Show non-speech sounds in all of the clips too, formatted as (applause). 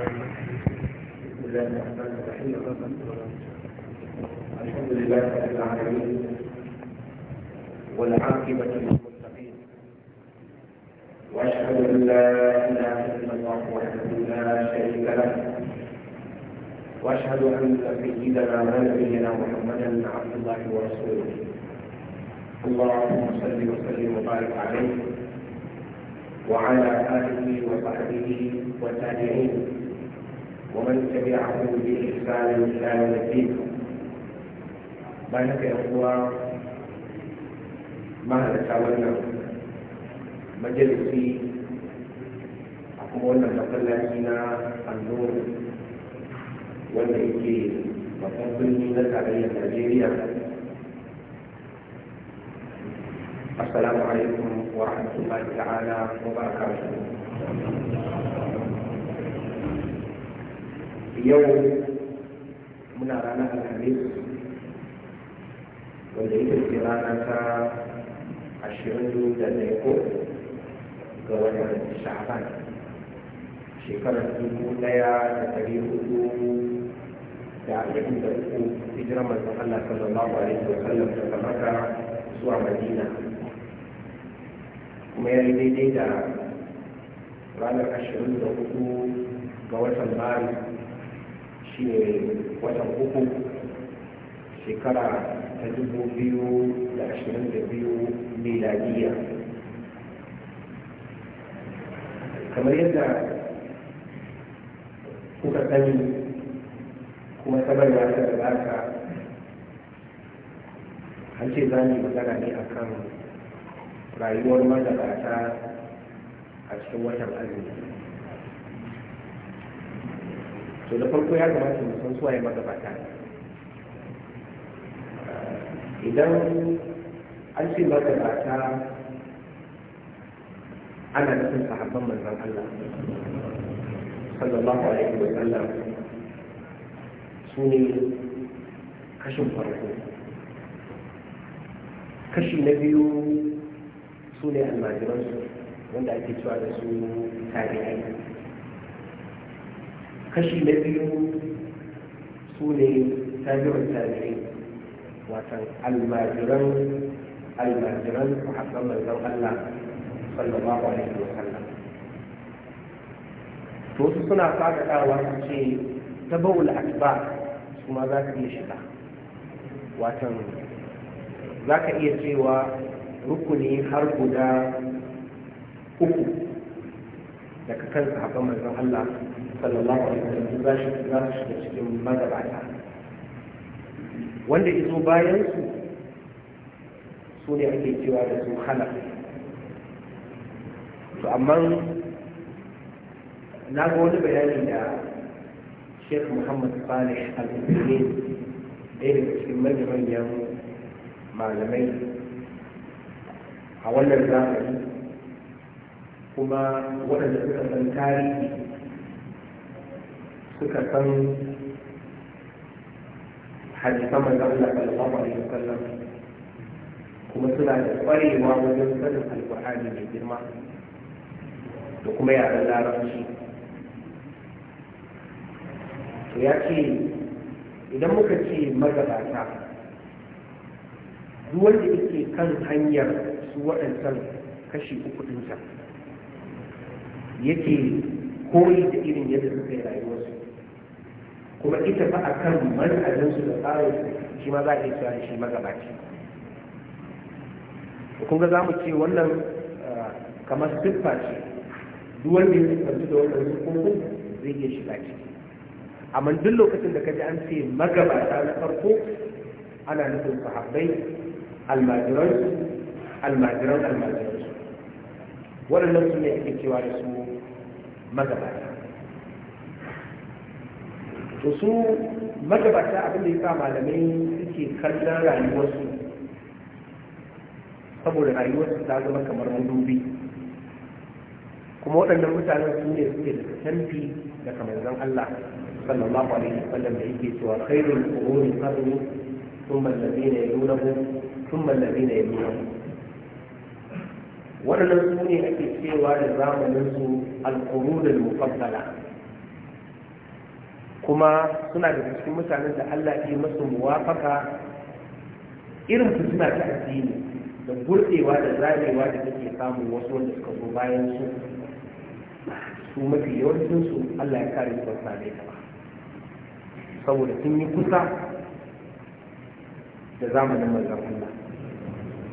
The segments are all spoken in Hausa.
بسم الله الرحمن الرحيم الحمد لله رب العالمين والعاقبة للمتقين وأشهد أن لا إله إلا الله وحده لا شريك له وأشهد أن سيدنا ونبينا محمدا عبد الله ورسوله اللهم صل وسلم وبارك عليه وعلى آله وصحبه والتابعين ومن تبعهم بإحسان إلى يوم الدين bayan haka yan uwa mahalarta wannan majalisi a kuma wannan mafallaki na annon wanda yake babban birni na tarayyar najeriya assalamu alaikum wa rahmatullahi ta'ala wa barakatuhu yau muna a kare wanda ita ce rana ta ashirin da ko ga watan sha'ban shekarar dubu daya da dari hudu da ashirin da uku hijirar manzon Allah sallallahu alaihi wa sallam daga Makka zuwa Madina kuma ya yi daidai da ranar ashirin da hudu ga watan Maris shi ne watan uku shekara ta dubu biyu da ashirin da biyu miladiya kamar yadda kuka sani kuma ya ta gabata an ce za mu yi magana ne a kan rayuwar mazaɓata a cikin watan azumi to da farko ya kamata mu san suwaye magabata idan an ce magabata ana nufin sahabban manzon Allah sallallahu alaihi wa sallam su ne kashin farko kashi na biyu su ne almajiransu wanda ake cewa da su tarihi kashi na biyu su ne tabi'un tabi'in watan almajiran almajiran sahabban manzon Allah sallallahu alaihi wa sallam to su suna fadadawa su ce tabaul akbar su ma za ka iya shiga watan za ka iya cewa rukuni har guda uku daga kan sahabban manzon Allah sallallahu alaihi wasallam za shi za su shiga cikin magabata wanda izo bayan su su ne ake cewa da su hana su amma na ga wani bayani da Sheikh Muhammad spanish Al-Ubaidi ɗaya daga cikin manyan malamai a wannan zamani kuma waɗanda suka san tarihi suka san hadisan manzon Allah sallallahu alaihi wasallam kuma suna da kwarewa wajen sanin alƙur'ani mai girma da kuma yaren larabci to ya ce idan muka ce magabata duk wanda yake kan hanyar su waɗansan kashi uku ɗinsa yake koyi da irin yadda suka yi rayuwarsu kuma ita fa a kan manhajinsu da tsarin shi ma za a iya cewa shi magabaci kun ga za mu ce wannan eh, kamar siffa ce duk wanda ya siffanci da wannan hukumomin zai iya shiga ciki amma duk lokacin da ka ji an ce magabata na farko ana nufin sahabbai almajiransu almajiran almajiransu waɗannan su ne ake cewa da su magabata to su magabata abin da ya sa malamai suke kallon rayuwarsu saboda rayuwarsu ta zama kamar madubi kuma waɗannan mutanen su ne suke da tamfi daga manzon Allah sallallahu alaihi wasallam da yake cewa khairul quruni qarni thumma alladhina yalunahum thumma alladhina yalunahum waɗannan su ne ake cewa da zamanin su al-qurunul mufaddala kuma suna da cikin mutanen da Allah ya masu muwafaka irin su suna ta addini da burɗewa da zarewa da take samun wasu wanda suka zo bayan su su mafi yawancin su Allah ya kare su ba same ta saboda sun yi kusa da zamanin manzon Allah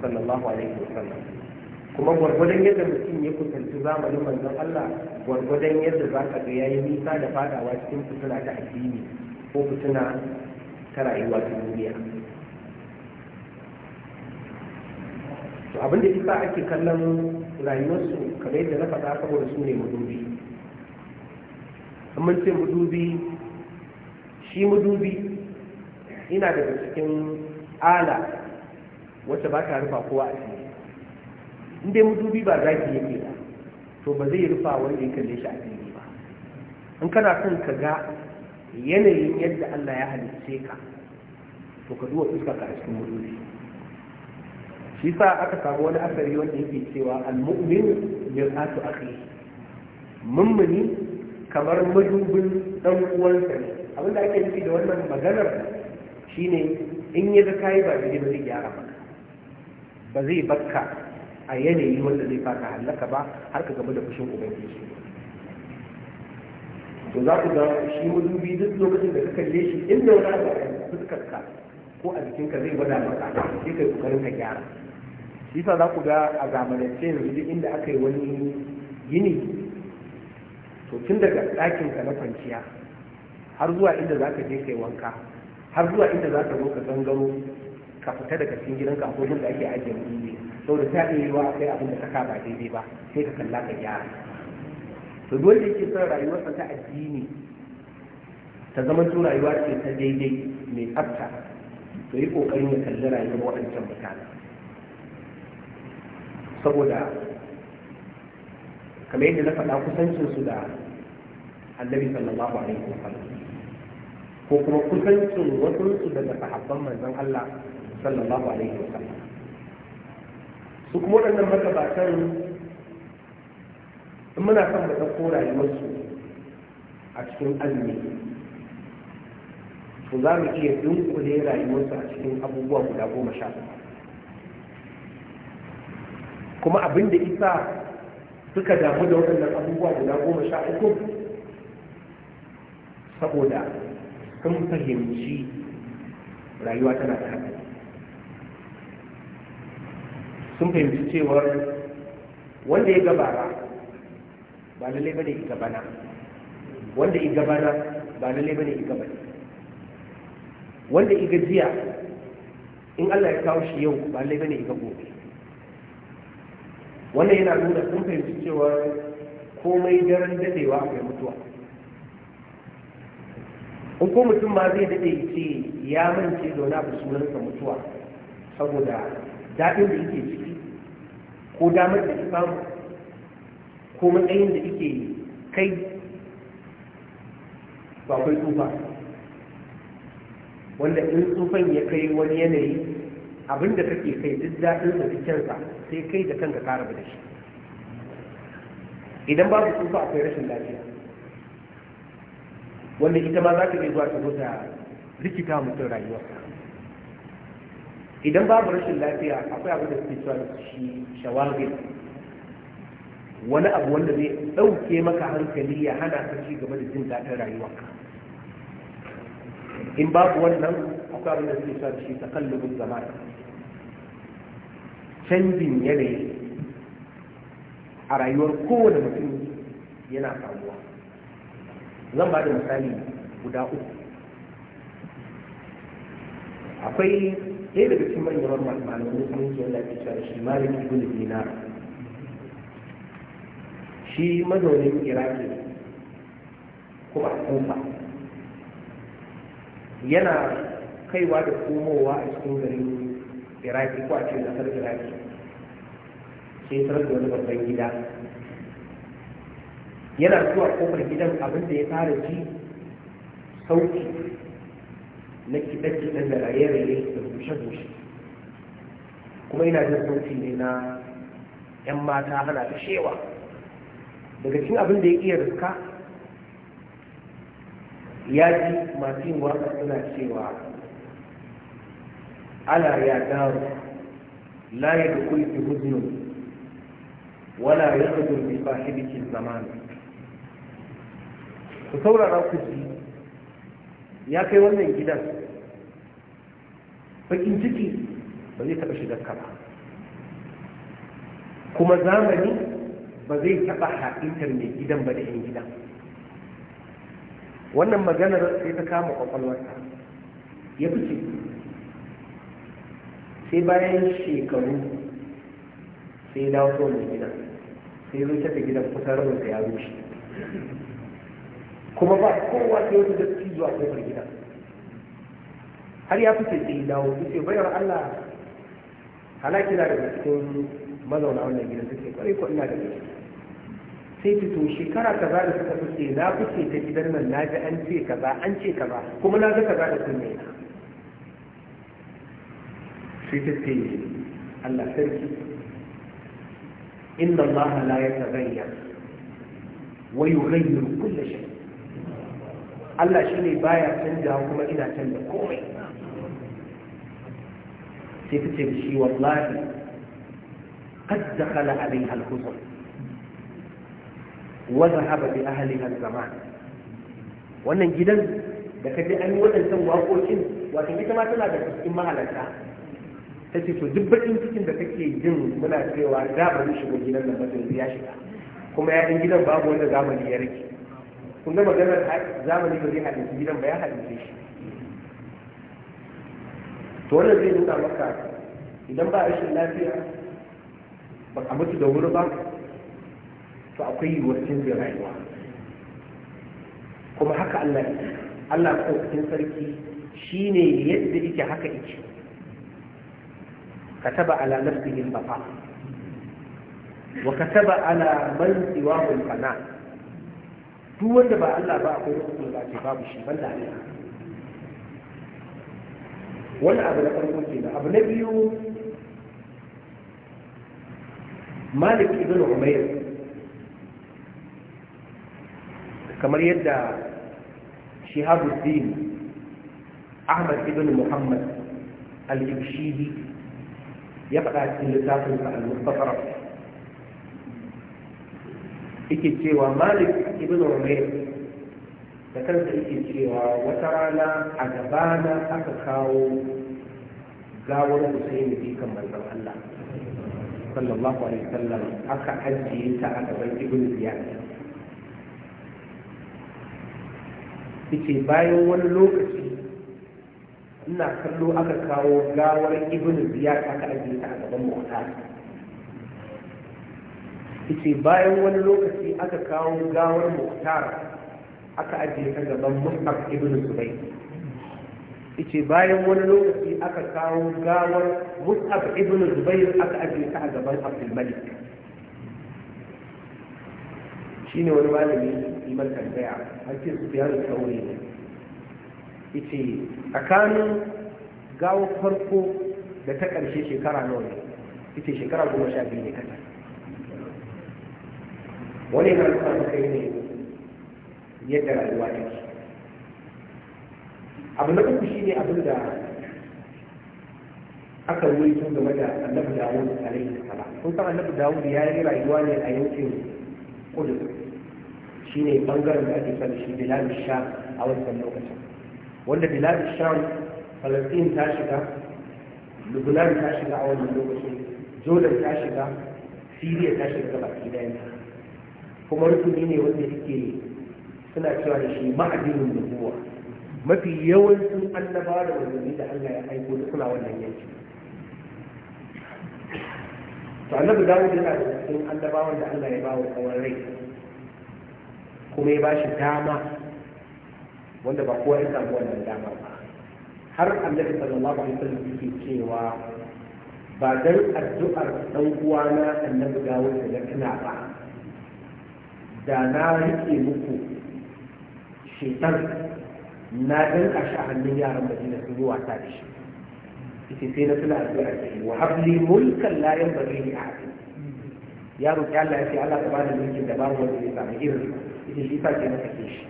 sallallahu alaihi sallam. kuma gwargwadon yadda mutum ya kusanci zamanin manzon Allah gwargwadon yadda za ka ga yayi nisa da fadawa cikin fitina ta addini ko fitina ta rayuwa ta duniya to abin da isa ake kallon rayuwarsu kamar yadda na faɗa saboda su ne mudubi mun ce mudubi shi mudubi ina daga cikin ala wacce ba ta rufa kowa a cikin in dai mutubi ba zaki yake ba to ba zai rufa wanda ya kalle shi a fili ba in kana son ka ga yanayin yadda Allah ya halitta ka to ka duba fuska ka a cikin mutubi shi sa aka samu wani asari wanda yake cewa al-mu'min mir'atu akhi mummuni kamar madubin dan uwansa ne abin da ake nufi da wannan maganar shine in ya ga kai ba daidai ba zai gyara maka ba zai bakka a yanayi wanda zai fata halaka ba har ka gaba da fushin ubangiji to za ku ga shi mazubi duk lokacin da ka kalle shi inda wani abu a fuskarka ko a jikinka zai gwada maka sai kai kokarin ka gyara shi yasa za ku ga a zamanance yanzu duk inda aka yi wani gini, to tun daga ɗakin ka na kwanciya har zuwa inda za ka je kai wanka har zuwa inda za ka zo ka gangaro ka fita daga cikin gidanka a gurin da ake ajiye mutunci saboda ta iya yiwa akai abin da ka kaba daidai ba sai ka kalla ka gyara to dole yake son rayuwar ta addini ta zama to rayuwa ce ta daidai mai tsafta to yi kokarin ya kalli rayuwar waɗancan mutane saboda kamar yadda na faɗa kusancinsu da annabi sallallahu alaihi wasallam ko kuma kusancin wasu daga sahabban manzon Allah sallallahu alaihi wasallam su kuma waɗannan magabatan in muna son mu ɗauko rayuwarsu a cikin azumi to za mu iya dunkule rayuwarsu a cikin abubuwa guda goma sha kuma abin da isa suka damu da waɗannan abubuwa guda goma sha uku saboda sun fahimci rayuwa tana da haɗari sun fahimci cewar wanda ya gabara ba lalle bane ya gabana wanda ya gabana ba lalle bane ya gabana wanda ya gajiya in Allah ya kawo shi yau ba lalle bane ya gobe wannan yana nuna sun fahimci cewar komai daren dadewa a mutuwa in ko mutum ma zai dade ce ya mance da wani abu sunansa mutuwa saboda daɗin da yake ciki ko damar da ka ko matsayin da ike kai ba kai tsufa wanda in tsufan ya kai wani yanayi abinda kake kai duk daɗin da cikinsa sai kai da kanka ka rabu da shi idan babu tsufa akwai rashin lafiya wanda ita ma za ta iya zuwa ta zo ta rikita mutum rayuwarsa idan babu rashin lafiya akwai abin da suke cewa shi shawagin wani abu wanda zai ɗauke maka hankali ya hana ka ci gaba da jin daɗin rayuwa. in babu wannan akwai abin da suke cewa shi takallubin zamani canjin yanayi a rayuwar kowane mutum yana faruwa zan ba da misali guda uku akwai sai daga cikin manyan malamai sun yi wanda ake cewa shi malik ibn dina shi mazaunin iraki kuma a tsufa yana kaiwa da komowa a cikin garin iraki ko a cikin kasar iraki sai tarar da wani babban gida yana zuwa kofar gidan abin da ya fara ji sauki na kiɗe-kiɗe da raye da bushe-bushe kuma ina jin sauti ne na 'yan mata hana da shewa daga cikin abin da ya iya riska ya ji masu yin wasa suna cewa ala ya daru la ya da kulki huznun wala ya da bi sahibikin zamani ku saurara ku ji ya kai wannan gidan bakin ciki ba zai taɓa shigar ka ba kuma zamani ba zai taɓa haɗintar mai gidan ba da yan gidan wannan maganar sai ta kama kwakwalwarsa ya fice sai bayan shekaru sai ya dawo mai gidan sai zo ta gidan kusa rabinsa ya rushe kuma ba kowa sai wani datti zuwa kofar gida har ya fice tsaye dawo ce bayar Allah halaki na daga cikin mazauna wannan gidan take kwarai ko ina da gaske sai fito shekara ka za da suka fice na fice ta gidan nan na ji an ce kaza an ce kaza kuma na ga kaza da sun yi sai ta ce Allah sarki inna Allah la yataghayyar wa yughayyiru kulla shay Allah shi ne baya canja kuma ina canja komai sai ta ce da shi wallahi قد دخل عليها الحزن وذهب بأهلها الزمان wannan gidan da kaji an yi waɗancan waƙoƙin wata ita ma tana da cikin mahalarta ta ce to duk baƙin cikin da kake jin muna cewa da ba zai shiga gidan da mutum ya shiga kuma ya gidan babu wanda zamani ya rike kun ga maganar zamani ba zai su gidan ba ya su shi to wannan zai nuna maka idan ba rashin lafiya ba a mutu da wuri ba to akwai yiwuwar canjin rayuwa kuma haka Allah Allah cikin sarki shi ne yadda yake haka yake kataba ala nafsihi al bafa wa kataba ala man siwahu al-fana' duk wanda ba Allah ba akwai lokacin da ake babu shi banda Allah wani abu na farko ke da abu na biyu malik ibn umair kamar yadda shihabuddin ahmad ibn muhammad al-ibshidi ya faɗa cikin littafinsa al-mustafara yake cewa malik ibn umair da kansa yake cewa wata rana a gabana aka kawo gawar husaini kan manzon allah sallallahu alaihi wasallam aka ajiye ta a gaban ibn ziyad yace bayan wani lokaci ina kallo aka kawo gawar ibn ziyad aka ajiye ta a gaban mu'taz suke bayan wani lokaci aka kawo gawar muktar aka ajiye ta gaban mus'ab ibn zubai ce bayan wani lokaci aka kawo gawar mus'ab ibn zubai aka ajiye ta a gaban abdul malik shine wani malami iman tambaya an ce su biya da ne yace tsakanin gawar farko da ta ƙarshe shekara nawa ne yace shekara goma sha biyu ne kasar wani na rufa da kai ne yadda rayuwa take abu na uku shine abin da aka wuri tun game da annabi dawud alaihi salam kun san annabi dawud ya yi rayuwa ne a yankin kudu shine bangaren da ake sani shi bilal sha a wancan lokacin wanda bilal sha falastin ta shiga lubnan ta shiga a wannan lokacin jordan ta shiga siriya ta shiga baki daya kuma rukuni ne wanda suke suna cewa da shi ma'adinin nubuwa mafi yawancin annabawa da manzanni da Allah ya aiko da suna wannan yanki to annabi Dawud yana da cikin annabawan da Allah ya bawa kawar rai kuma ya ba shi dama wanda ba kowa ya samu wannan dama ba har annabi sallallahu alaihi wasallam yake cewa ba dan addu'ar dan uwana annabi Dawud da kana ba da na riƙe muku shekar na ɗan shi a hannun yaran madina sun yi wata da shi ita sai na suna tuna addu'a ce wa habli mulkan la yanbaghi li ahadin ya roki Allah ya ce Allah ta bani mulkin da babu wanda ya samu irin ita shi sa ke na sake shi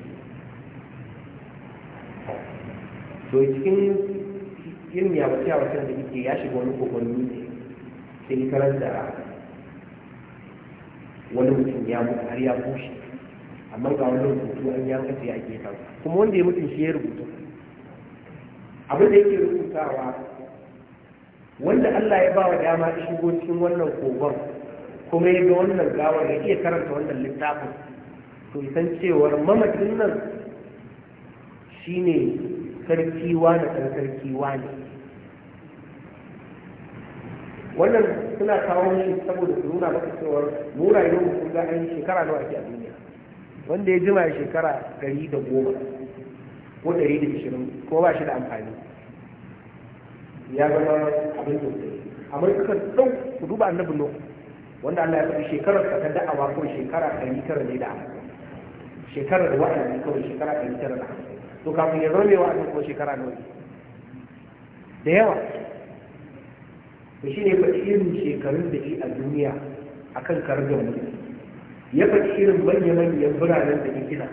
to cikin irin yawace-yawacen da ya shiga wani kogon dutse sai karanta wani mutum ya mutu har ya bushe amma ga wani rubutu an ya ya ake gefen kuma wanda ya mutu shi ya rubuta abin da yake rubutawa wanda Allah ya bawa dama ya shigo cikin wannan kogon kuma ya ga wannan gawar ya iya karanta wannan littafin to san cewar mamakin nan shine sarki wani ɗan sarki wani wannan suna kawo shi saboda su nuna maka cewa mu rayuwar mu kun ga an shekara nawa ake a duniya wanda ya jima shekara ɗari da goma ko ɗari da ishirin ko ba shi da amfani ya zama abin sosai amma kuka ɗau ku duba annabi no wanda Allah ya faɗi shekarar sa ta da'awa ko shekara ɗari tara ne da shekarar da wa'azi kawai shekara ɗari tara da to kafin ya zama mai wa'azi ko shekara nawa da yawa da shi ne faɗi irin shekarun da shi a duniya a kan kargar mulki ya faɗi irin manya-manyan biranen da ya gina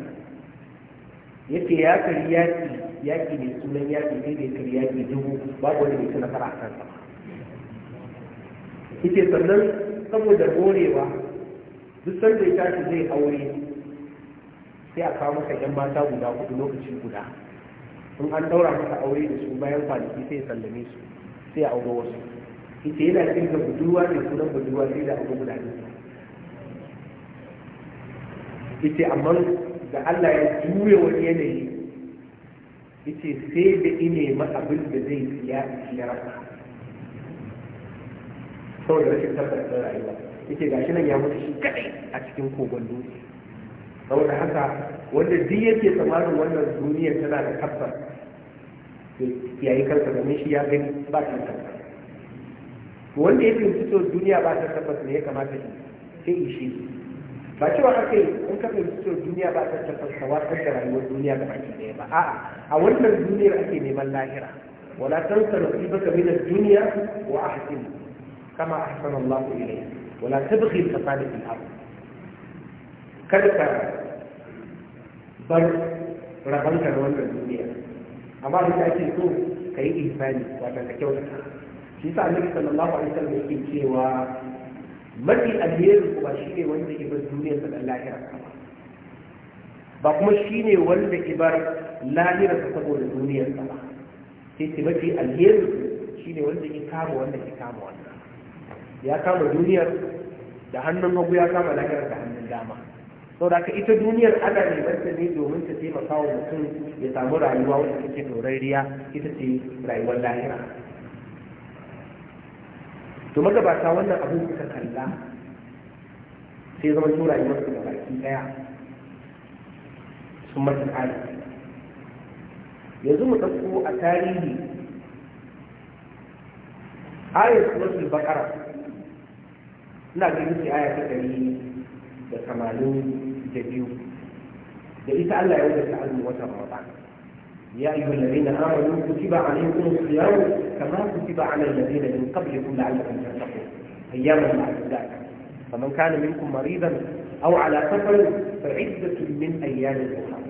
ya ce ya kari yaƙi yaƙi mai sunan yaƙi ne da ya kari yaƙi dubu babu wani mai suna fara kan sama ita sannan saboda gorewa duk sanda ya tashi zai aure sai a kawo masa yan mata guda hudu lokaci guda in an daura masa aure da su bayan kwanaki sai ya sallame su sai ya aure wasu ita yana cikin ga buduwa ne sunan buduwa sai da abu guda ita amma da Allah ya juya wani yanayi ita sai da ine ma abin da zai siya ya rasa saboda rashin tabbatar rayuwa ita gashi nan ya mutu shi kadai a cikin kogon dutse saboda haka wanda duk yake tsammanin wannan duniya tana da tabbas yayi karka da shi ya gani ba ta tabbas wanda ya fahimci to duniya ba ta tabbas ne ya kamata shi sai in shi ba cewa aka yi in ka fahimci duniya ba ta tabbas ka wasan da rayuwar duniya ga baki ɗaya ba a'a a wannan duniyar ake neman lahira wala tansa nasibaka min ad duniya wa ahsin kama ahsana Allah ilayhi wala tabghi al-fasada fil ard kada ka bar rabanka da wannan duniya amma da ake so ka yi ihsani wato ka kyautata shi sa annabi sallallahu alaihi wasallam yake cewa mafi alherin kuma shi ne wanda ibar duniyar sa da lahirar ba ba kuma shi ne wanda ibar lahirar sa saboda duniyar sa ba sai ce mafi alherin shi ne wanda ke kama wanda ke kama wanda ya kama duniyar da hannun hagu ya kama lahirar da hannun dama sau da ita duniyar ana nemanta ne domin ta taimaka wa mutum ya samu rayuwa wanda take ɗorariya ita ce rayuwar lahira to magabata wannan abin suka kalla sai zama su rayuwar da baki daya sun mata kari yanzu mu ɗauko a tarihi ayar suratul bakara, ina ganin sai aya ta ɗari da tamanin da biyu da ita Allah ya ta azumi wata Ramadan يا أيها الذين آمنوا كتب عليكم الصيام كما كتب على الذين من قبلكم لعلكم تتقون أياما معدودات فمن كان منكم مريضا أو على سفر فعدة من أيام أخرى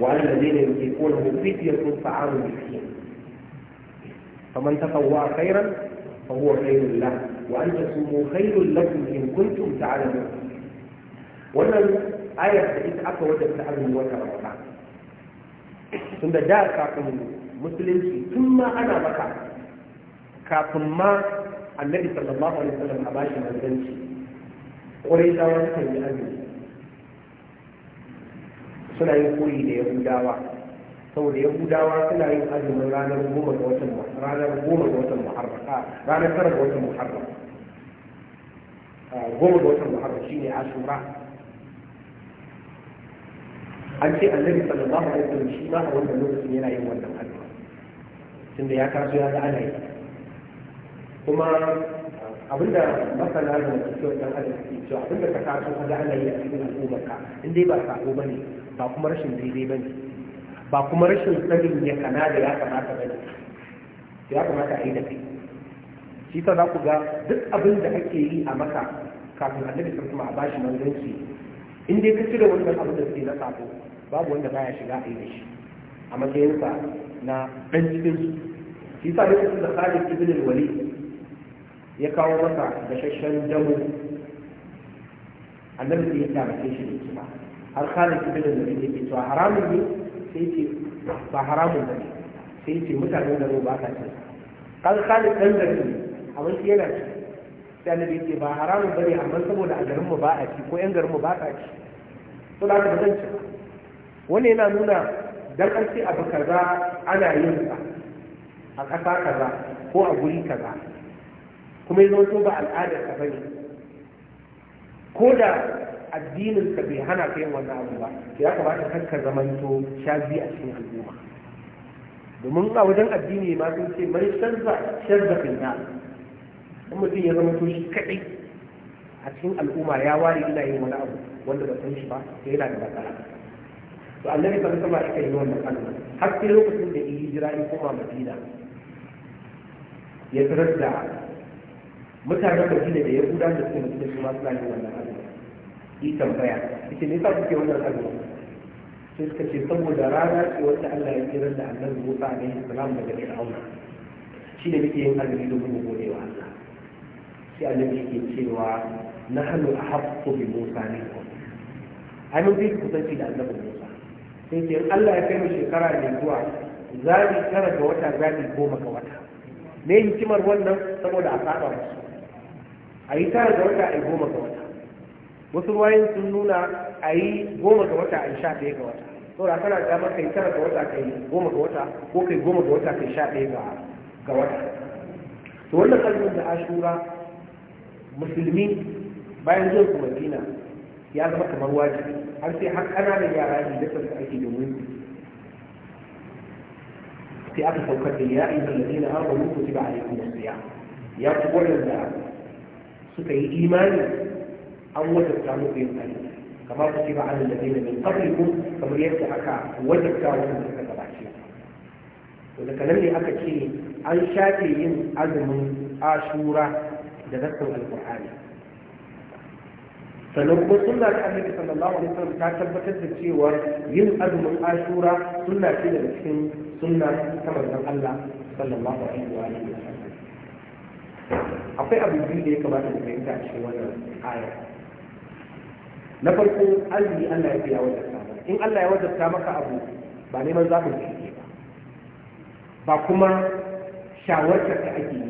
وعلى الذين يطيقونه فتية طعام مسكين فمن تطوع خيرا فهو خير له وأن تصوموا خير لكم إن كنتم تعلمون ومن ayar da ita aka ta azumin wata ramadan tunda da jihar kafin musulunci tun ma ana baka kafin ma annabi sallallahu alaihi wasallam a bashi manzanci ƙwarai zawon kan yi azumi suna yin koyi da yahudawa saboda yahudawa suna yin azumin ranar goma ga watan ranar goma ga watan muharram ranar tara ga watan muharram goma ga watan muharram shine ashura an ce annabi sallallahu alaihi wasallam shi ma a wannan lokacin yana yin wannan addu'a tunda ya kaso ya ga ana yi kuma abinda masana da kiwon dan adam ke cewa abinda ka kasu ka ga ana yi a cikin al'ummar ka in dai ba sako bane ba kuma rashin daidai bane ba kuma rashin sanin ya kana da ya kamata bane ya kamata a yi da kai shi ta za ku ga duk abin da ake yi a maka kafin annabi sallallahu alaihi wasallam a bashi manzanci in dai ka cire wannan abin da suke na sako babu wanda baya shiga a yi da shi a matsayinsa na ɗan cikin su shi sa lokacin da Khalid ibn al-Walid ya kawo masa gashashen jamu annabi sai ya tabace shi da ba. har Khalid ibn al-Walid yake cewa haramun ne sai ce ba haramun ne sai ce mutanen da ba ka ce kan Khalid dan da ne amma shi yana sai annabi ce ba haramun bane amma saboda a garinmu ba a ci ko yan garinmu ba a ci to da ka ba ci yana nuna dan an abu kaza ana yin sa a ƙasa kaza ko a guri kaza kuma ya to ba al'adar ka bane ko da addinin ka bai hana ka yin wannan abu ba ya kamata kar ka zamanto shazi a cikin al'umma domin a wajen addini ma sun ce mai sharza sharza in mutum ya zama to shi kaɗai a cikin al'umma ya ware ina yin wani abu wanda ba san shi ba sai yana da matsala to annabi sallallahu alaihi wasallam yi wannan kalma har sai lokacin da yi jira ya koma madina ya tarar da mutanen madina da ya gudanar da suke madina su ma suna yin wannan kalma yi tambaya ita ne sa kuke wannan kalma sai suka ce saboda rana ce wanda Allah ya kira da annabi Musa alaihi salam daga Fir'auna shi ne muke yin azumi domin mu gode wa Allah sai annabi yake cewa na hannu a haƙƙo bi musa ne ai mun fi kusanci da annabi musa sai ce allah ya kai mu shekara mai zuwa za tara ga wata za goma ga wata me hikimar wannan saboda a saba musu a yi tara ga wata a yi goma ga wata wasu ruwayen sun nuna a yi goma ga wata a yi sha ɗaya ga wata saboda kana da damar kai tara ga wata kai goma ga wata ko kai goma ga wata kai sha ɗaya ga wata to wannan kalmar da ashura musulmi bayan zuwa ku madina ya zama kamar wajibi har sai har ƙananan yara ne da su ake domin sai aka saukar da ya ayyukan ladina amanu kutiba alaikum as-siyam ya ku waɗanda suka yi imani an wajabta muku yin azumi kama kutiba alal ladina min qablikum kamar yadda aka wajabta wanda suka gabace to daga nan ne aka ce an shafe yin azumin ashura da zakkar alƙur'ani sannan kuma suna da annabi sallallahu alaihi wasallam ta tabbatar da cewa yin azumin ashura suna ce daga cikin sunna ta manzon Allah sallallahu alaihi wa alihi akwai abu biyu da ya kamata mu fahimta a cikin wannan aya na farko azumi Allah ya biya wajabta maka in Allah ya wajabta maka abu ba neman zafin ciki ba ba kuma shawartar ka ake yi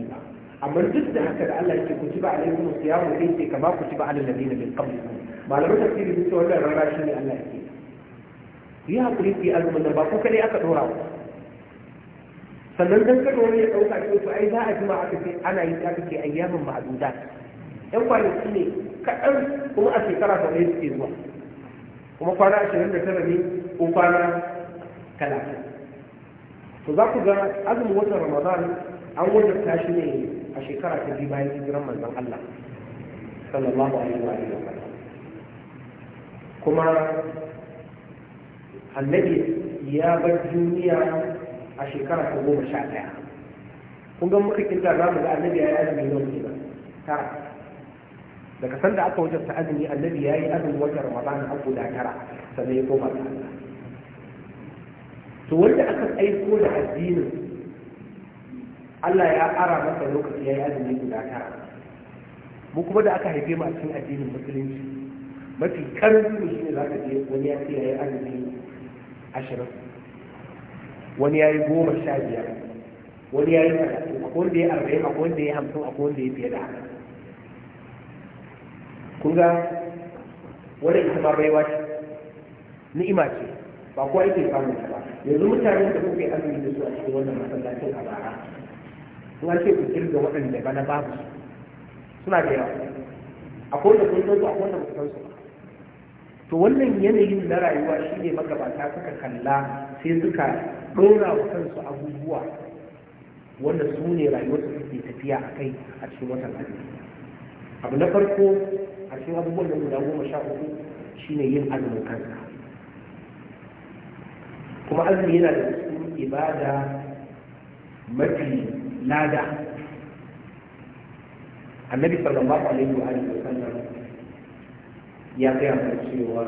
amma duk da haka da Allah yake kutiba alaikum siyamu sai ce kama kutiba alal ladina min qablikum malamin tafsiri sun ce wannan rana shi ne Allah yake ya yi hakuri ku yi azumin nan ba ku kai aka dora ku sannan dan ka dora ya dauka ce to ai za a jima aka ce ana yi aka ce ayyamin ma'dudat yan kwanaki ne kaɗan kuma a shekara ta ne suke zuwa kuma kwana ashirin da tara ne ko kwana talatin to za ku ga azumin watan ramadan an wajen tashi ne a shekara ta biyu bayan hijiran manzon Allah sallallahu alaihi wa sallam kuma annabi ya bar duniya a shekara ta goma sha ɗaya kun ga muka kirga za mu ga annabi ya yi azumi yau ke tara daga da aka wajen ta azumi annabi ya yi azumi wajen ramadan a guda tara sannan ya koma ta to wanda aka aiko da addinin Allah ya ƙara masa lokaci ya yi azumi guda tara mu kuma da aka haife mu a cikin addinin musulunci mafi karanci shi ne za ka je wani ya ce ya yi azumi ashirin wani ya yi goma sha biyar wani ya yi talatin akwai wanda ya yi arba'in akwai wanda ya yi hamsin akwai wanda ya fiye da haka kun ga wani ita ma baiwa ce ni'ima ce ba kowa ya samun ta ba yanzu mutane da kuke azumi da su a cikin wannan masallacin a bara suna ce ku kirga waɗanda bana babu suna da yawa akwai da kun san su akwai da kun san to wannan yanayin na rayuwa shi ne magabata suka kalla sai suka ɗora wa kansu abubuwa wanda su ne rayuwarsu suke tafiya a kai a cikin watan azumi abu na farko a cikin abubuwan da guda goma sha uku shine yin azumin kansa kuma azumi yana da cikin ibada mafi lada annabi sallallahu alaihi wa alihi wasallam ya gaya mana cewa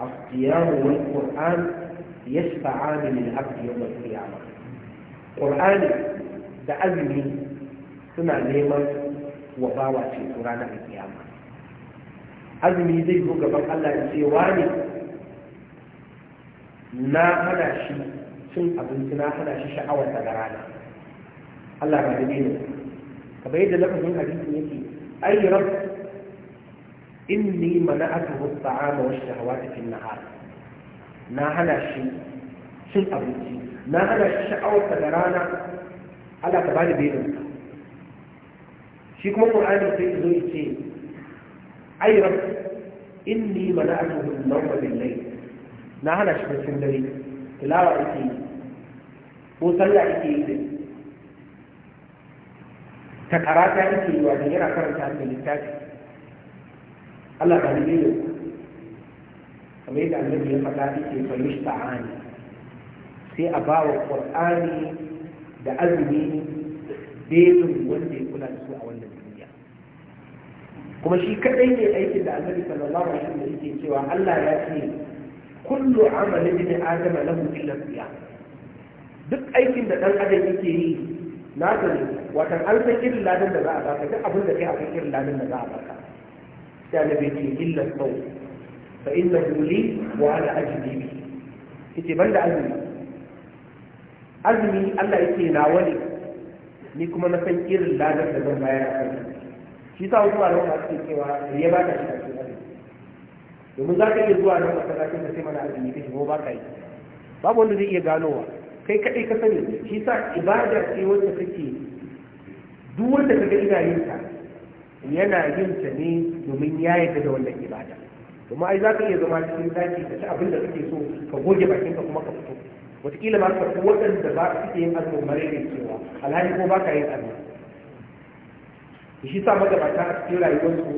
asiyamu wal qur'an yashfa'ani lil abdi yawm al qiyamah qur'ani da azumi suna neman wa bawa ce ranar kiyama azumi zai zo gaban Allah ya ce wani na hana shi cin abinci na hana shi sha'awar da rana حل على طب ايه لكم من حديث النبي اي رب اني منعته الطعام والشهوات في النهار ما نهل شيء شيء ابيتي نهل او تدرانا على تبالي بيرن شيكم القرآن في ذويتي اي رب اني منعته النوم بالليل نهل شيء في النهار تلاوة ايتي وصلى ايتي ta karata yake yi wajen yana karanta hannun littafi Allah ba ne ne kamar yadda annabi ya faɗa yake fa ta'ani? sai a ba wa qur'ani da azumi belin wanda ya kula da su a wannan duniya kuma shi kadai ne aikin da annabi sallallahu alaihi wasallam yake cewa Allah ya ce kullu amalin ibn adama lahu illa qiyam duk aikin da dan adam yake yi na gani watan an san irin ladin da za a baka duk abin da kai kan irin ladin da za a baka sai annabi ce illa sau fa inna juli wa ana ajli bi ban da azumi azumi Allah yake na wani ni kuma na san irin ladin da zan bayar a kan shi sa wasu malama suke cewa ya ba ka shi a cikin azumi domin za ka iya zuwa nan masallacin da sai mana azumi kake ko ba ka yi babu wanda zai iya ganowa kai kaɗai ka sani shi sa ibada ce wacce kake duk wanda ka ga ina yin ta yana yin ta ne domin ya yarda da wannan ibada kuma ai za ka iya zama cikin daki ka ci abin da kake so ka goge bakin ka kuma ka fito wataƙila ma ka fi waɗanda ba suke yin azumin marere cewa alhali ko ba ka yin azumi shi sa magabata a cikin rayuwarsu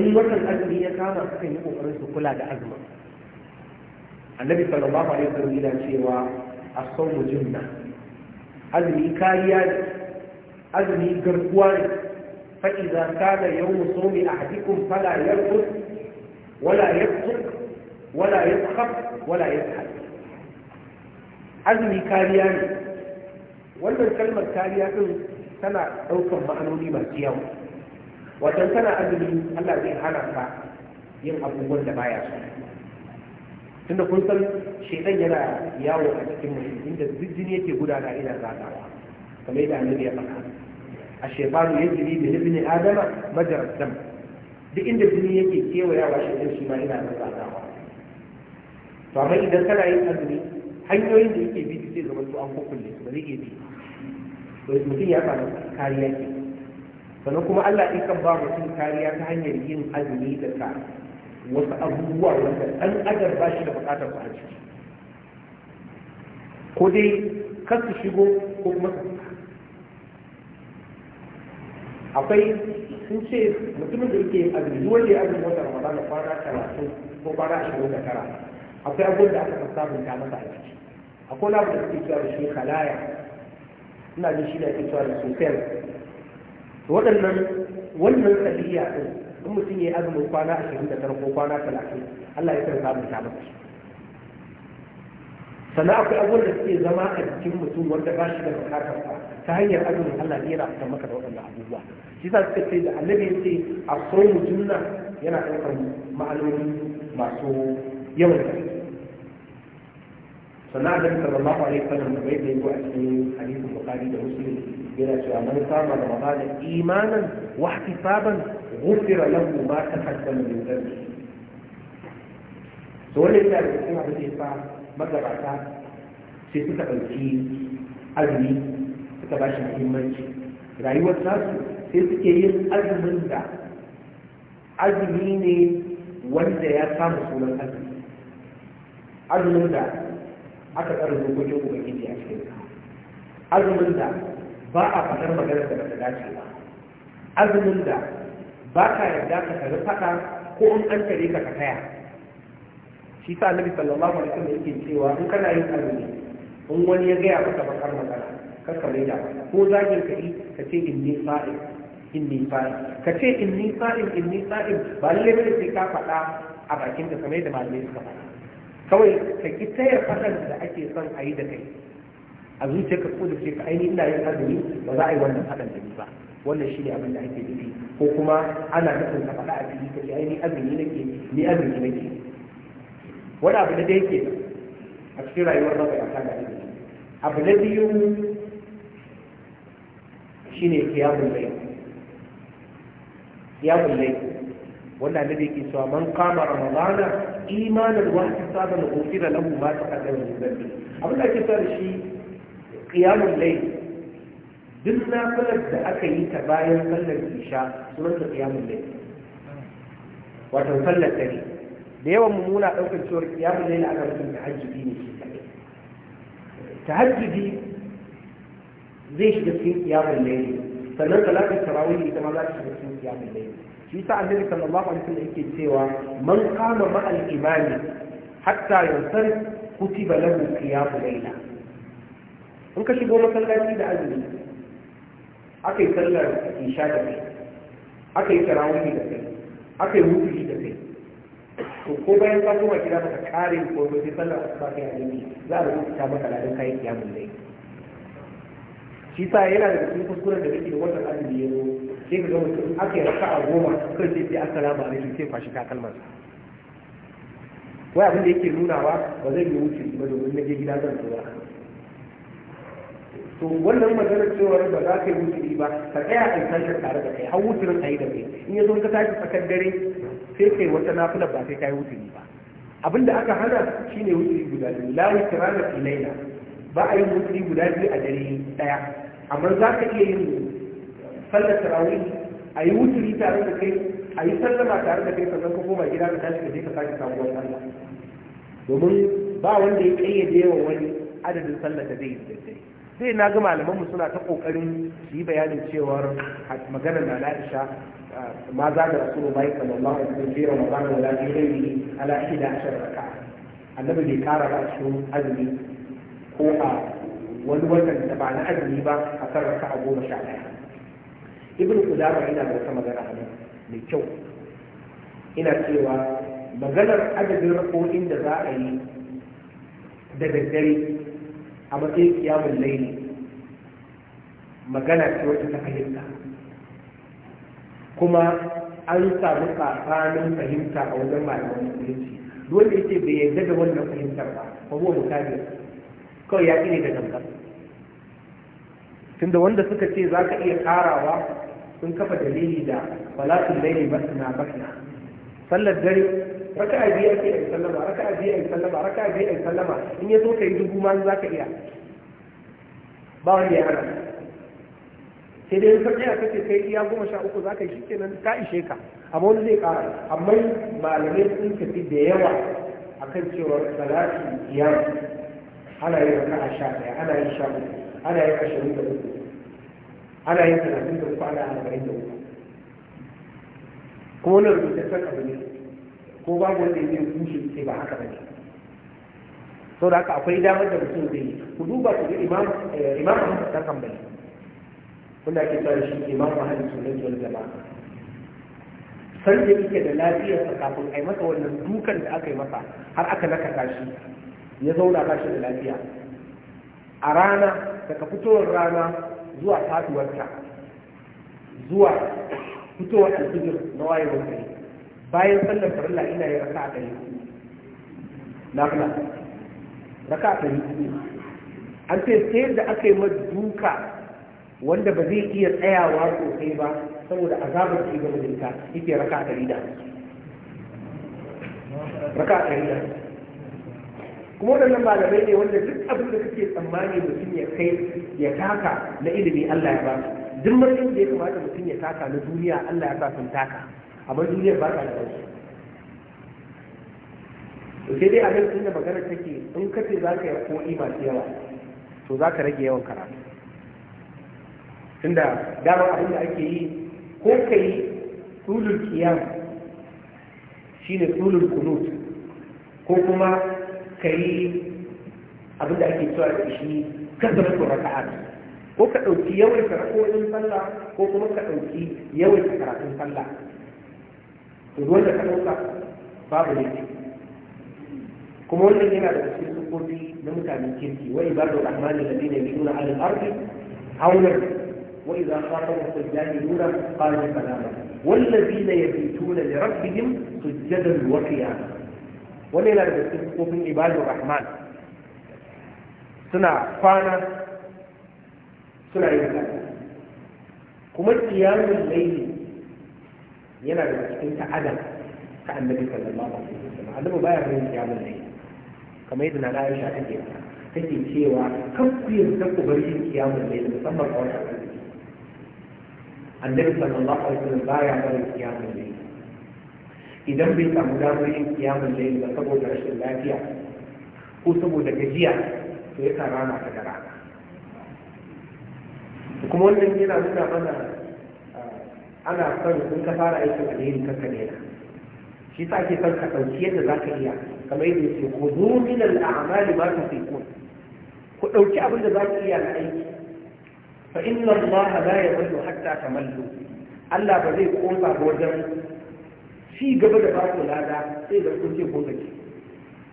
in watan azumi ya kama sukan yi ƙoƙarin su kula da azumin annabi sallallahu alaihi wasallam yana cewa as-sawm jinna azumi kariya ne azumi garkuwa ne fa idza kana yawm sawmi ahadikum fala yarqus wala yaqtuk wala yaskhab wala yaskhab azumi kariya ne wannan kalmar kariya din tana ɗaukar ma'anoni masu yawa wajen tana azumi Allah zai hana ka yin abubuwan da baya so tunda kun san shaitan yana yawo a cikin mutum inda zijjin yake gudana ina zagawa kamar yadda annabi ya faɗa a shaytanu jini, da nufin adama majra dam duk inda jini yake kewayawa shaitan shi ma ina zagawa to amma idan kana yin azumi hanyoyin da yake bi sai zama su an kukulle ba zai iya bi to mutum ya samu kariya ke sannan kuma Allah ɗin kan ba mutum kariya ta hanyar yin azumi da ka wasu abubuwa wanda ɗan adar ba shi da bukatar ku hajji ko dai kar su shigo ko kuma su akwai sun ce mutumin da yake azumi wanda ya azumi wata ramadana kwana talatin ko kwana ashirin da tara akwai abubuwan da aka sabunta masa a ciki akwai labu da suke cewa da shi halaya ina jin shi da ake cewa da sosai waɗannan wannan tsaliya ɗin in mutum ya yi azumin kwana ashirin da tara ko kwana talatin Allah ya san samun ta masa sannan akwai abubuwan da suke zama a jikin mutum wanda ba shi da bukatar ba ta hanyar azumin Allah ne yana fitar maka da waɗannan abubuwa shi sa suka ce da annabi ya ce a somu jumla yana ɗaukar ma'anoni masu yawan gaske sannan annabi sallallahu alaihi wasallam da bai da yabo a cikin hadisin bukhari da muslim yana cewa man sama da imanan wa ihtisaban غفر له ما تقدم من ذنبه to wanda yana da cikin abin da ya sa magabata sai suka ɗauki azumi suka ba shi muhimmanci rayuwar nasu sai suke yin azumin da azumi ne wanda ya samu sunan azumi azumin da aka tsara dokokin ubangiji a cikin azumin da ba a faɗar maganar da ba ta dace ba azumin da ba ka yarda ka tare faɗa ko in an tare ka ka shi sa annabi sallallahu alaihi wasallam yake cewa in kana yin ne in wani ya gaya maka bakar magana kar ka maida ko zagin ka yi ka ce inni fa'il ni fa'il ka ce inni fa'il ni fa'il ba lalle bane sai ka faɗa a bakin ka kamar da malamai suka faɗa kawai ka ki tayar faɗan da ake son a yi da kai a zuciyarka ko da ce ka aini ina yin azumi ba za a yi wannan faɗan da ni ba wannan shine abin da ake nufi ko kuma ana nufin ka faɗa a fili ka ce ai ni azumi nake ni azumi nake wani abu da yake a cikin rayuwar nan bayan ta ne abu na biyu shine kiyamun lai kiyamun lai wanda da yake cewa man kama ramadana imanan wa hisaban ghufira lahu ma kaɗa wani dhanbi abin da ake tsari shi kiyamun lai duk nafilar da aka yi ta bayan sallar isha sunan ta kiyamun laili wato sallar dare da yawan mummuna ɗaukar cewar kiyamun laili ana mutum da hajjibi ne shi kaɗai tahajjudi zai shiga cikin kiyamun laili sannan salatul tarawih ita ma za ta shiga cikin kiyamun laili shi sa annabi sallallahu alaihi wasallam yake cewa man kama ma'al imani hatta yansar kutiba lahu qiyamul layla in ka shigo masallaci da azumi aka yi sallar isha da kai aka yi tarawih da kai aka yi wuturi da kai to ko bayan ka koma gida baka kare ko ba sai sallar asuba kai alimi za a rubuta maka ladan kayan kiyamun dai shi sa yana da cikin kuskuren da nake da wannan azumi ya zo sai ka ga mutum aka yi raka'a goma kan sai sai assalamu alaikum sai kwashi sa. wai abin da yake nunawa ba zai yi wuce ba domin na je gida zan tsora to wannan maganar cewa ba za ka yi wuturi ba ka tsaya a tashi tare da kai har wuturin ka yi da kai in ya zo ka tashi tsakar dare sai kai wata nafilar ba sai ka yi wuturi ba abin da aka hana shine wuturi guda biyu la wutura da ilaina ba a yi wuturi guda biyu a dare daya amma za ka iya yin sallar tarawih a yi wuturi tare da kai a yi sallama tare da kai sannan ka koma gida ka tashi ka je ka sake samuwar sallah domin ba wanda ya kayyade wa wani adadin sallar da zai yi da dare sai na ga malamanmu suna ta kokarin su yi bayanin cewar magana na la'isha ma za da rasu bai sallallahu alaihi wasallam fi ramadan wala fi ala ihda ashar raka annabi bai kara ba cikin azumi ko a wani watan da ba na azumi ba a kan raka a goma sha ɗaya ibn qudama yana da wata magana a nan mai kyau ina cewa maganar adadin rako'in da za a yi da daddare a matsayin kiyamun laili magana ce wacce ta fahimta kuma an samu tsakanin fahimta a wajen malaman musulunci dole yake bai yarda da wannan fahimtar ba ko huwa mutabi kawai ya ne da gangan tunda wanda suka ce za ka iya karawa sun kafa dalili da falatul laili basna basna sallar dare raka'a biyu ake yin sallama raka a biyu yin sallama raka a biyu yin sallama in ya zo ka yi dubu ma za ka iya ba wanda ya hana sai dai ka tsaya kace kai iya goma sha uku za ka yi shi kenan ka ishe ka amma wani zai ƙara amma malamai sun tafi da yawa a akan cewa salati iya ana yin a sha ɗaya ana yin sha uku ana yin ashirin da uku ana yin talatin da uku ana arba'in da uku kuma wannan rubutaccen abu ne ko babu wanda ya kushe sai ba haka bane sau da haka akwai damar da mutum zai yi ku duba ku ga imam eh, imam Ahmad ta kambayi wanda ake tsara shi imam Ahmad sunan wal jama'a san da yake da lafiyarsa kafin a yi masa wannan dukan da aka yi masa har aka naka shi ya zauna ba shi da lafiya a rana daga fitowar rana zuwa faduwarta zuwa fitowar alfijir na wayewar gari bayan sallar farilla ina yin raka'a ɗari nafila raka'a ɗari an ce sai da aka yi duka wanda ba zai iya tsayawa sosai ba saboda azabar ci ga da ita yake raka'a ɗari da raka'a ɗari da kuma waɗannan malamai ne wanda duk abin da kake tsammani mutum ya kai ya taka na ilimi Allah ya ba duk matsayin da ya kamata mutum ya taka na duniya Allah ya ba sun taka amma duniyar ba ta da aiki to sai dai a nan inda magana take in ka ce za ka yi ko'i masu yawa to za ka rage yawan karatu tunda damar abin da ake yi ko ka yi tsulul kiyam ne tsulul kunut ko kuma ka yi abin da ake cewa da shi kasar su raka'at ko ka ɗauki yawan karatu sallah ko kuma ka ɗauki yawan karatun sallah ruwan da ka ɗauka babu ne kuma wannan yana da cikin sufofi na mutanen kirki wa ibadu rahmani ladina yamshuna ala al-ardi hawlan wa idza khatabahum al ya qalu salama والذين يبيتون لربهم سجدا وقياما Wani yana da cikin sufofin ibadu rahman suna kwana suna yin kuma kiyamun laili yana da cikin ta'ada ta annabi sallallahu alaihi wasallam annabi baya ganin kiyamun ne kamar yadda na Aisha take take cewa kan ku yarda ku bar yin kiyamun ne musamman a wannan annabi sallallahu alaihi wasallam baya barin kiyamun ne idan bai samu damar yin kiyamun ne ba saboda rashin lafiya ko saboda gajiya to ya rana ta da rana kuma wannan yana nuna mana ana son in ka fara aikin alheri kanka ne shi sa ke son ka ɗauki yadda za ka iya kamar yadda yake ku zo min al'amali ba ka fi ku ɗauki abin da za ku iya na aiki fa inna allaha la yadullu hatta tamallu Allah ba zai kofa ba wajen ci gaba da ba ku lada sai da kun ce kun gaji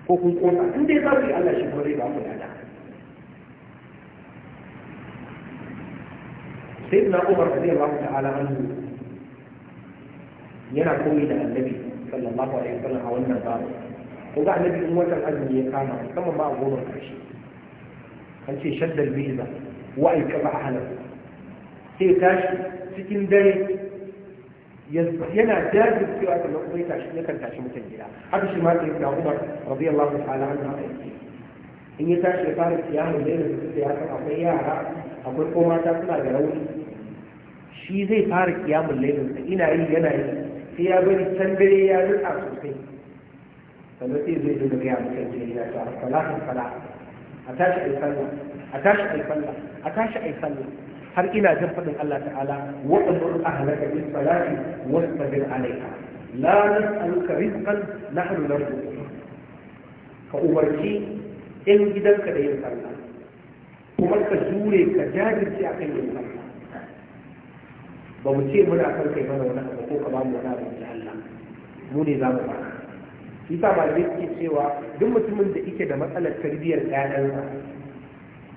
ko kun kofa in dai za ku yi Allah shi kuma zai ba ku lada sai na Umar ku ta'ala anhu yana koyi da annabi sallallahu alaihi wasallam a wannan babu ko ga annabi in watan azumi ya kama musamman ma a goma karshe an ce shaddar biza wa aika ba halar sai tashi cikin dare yana dajin cewa da makwai tashi ya kan tashi mutan gida haka shi ma sai da Umar radiyallahu ta'ala anhu haka yake in ya tashi ya fara kiyamu da irin su ya san akwai yara akwai ko mata suna da rauni shi zai fara kiyamun lailin ina yi yana yi sai ya bari can dare ya rika sosai sannan sai zai zo daga yamma kan jini ya ta salatin sala a tashi ai sallah a tashi ai sallah a tashi ai sallah har ina jin faɗin Allah ta'ala wa amur ahlaka bis salati wasbir alayha la nas'aluka rizqan nahnu narzuquka ka umarci in gidanka da yin sallah kuma ka jure ka jajirce akan yin sallah ba mu ce muna son kai mana wani abu ko ka ba mu wani abu da Allah mu ne za mu ba shi sa ba zai ke cewa duk mutumin da yake da matsalar tarbiyyar ƴaƴansa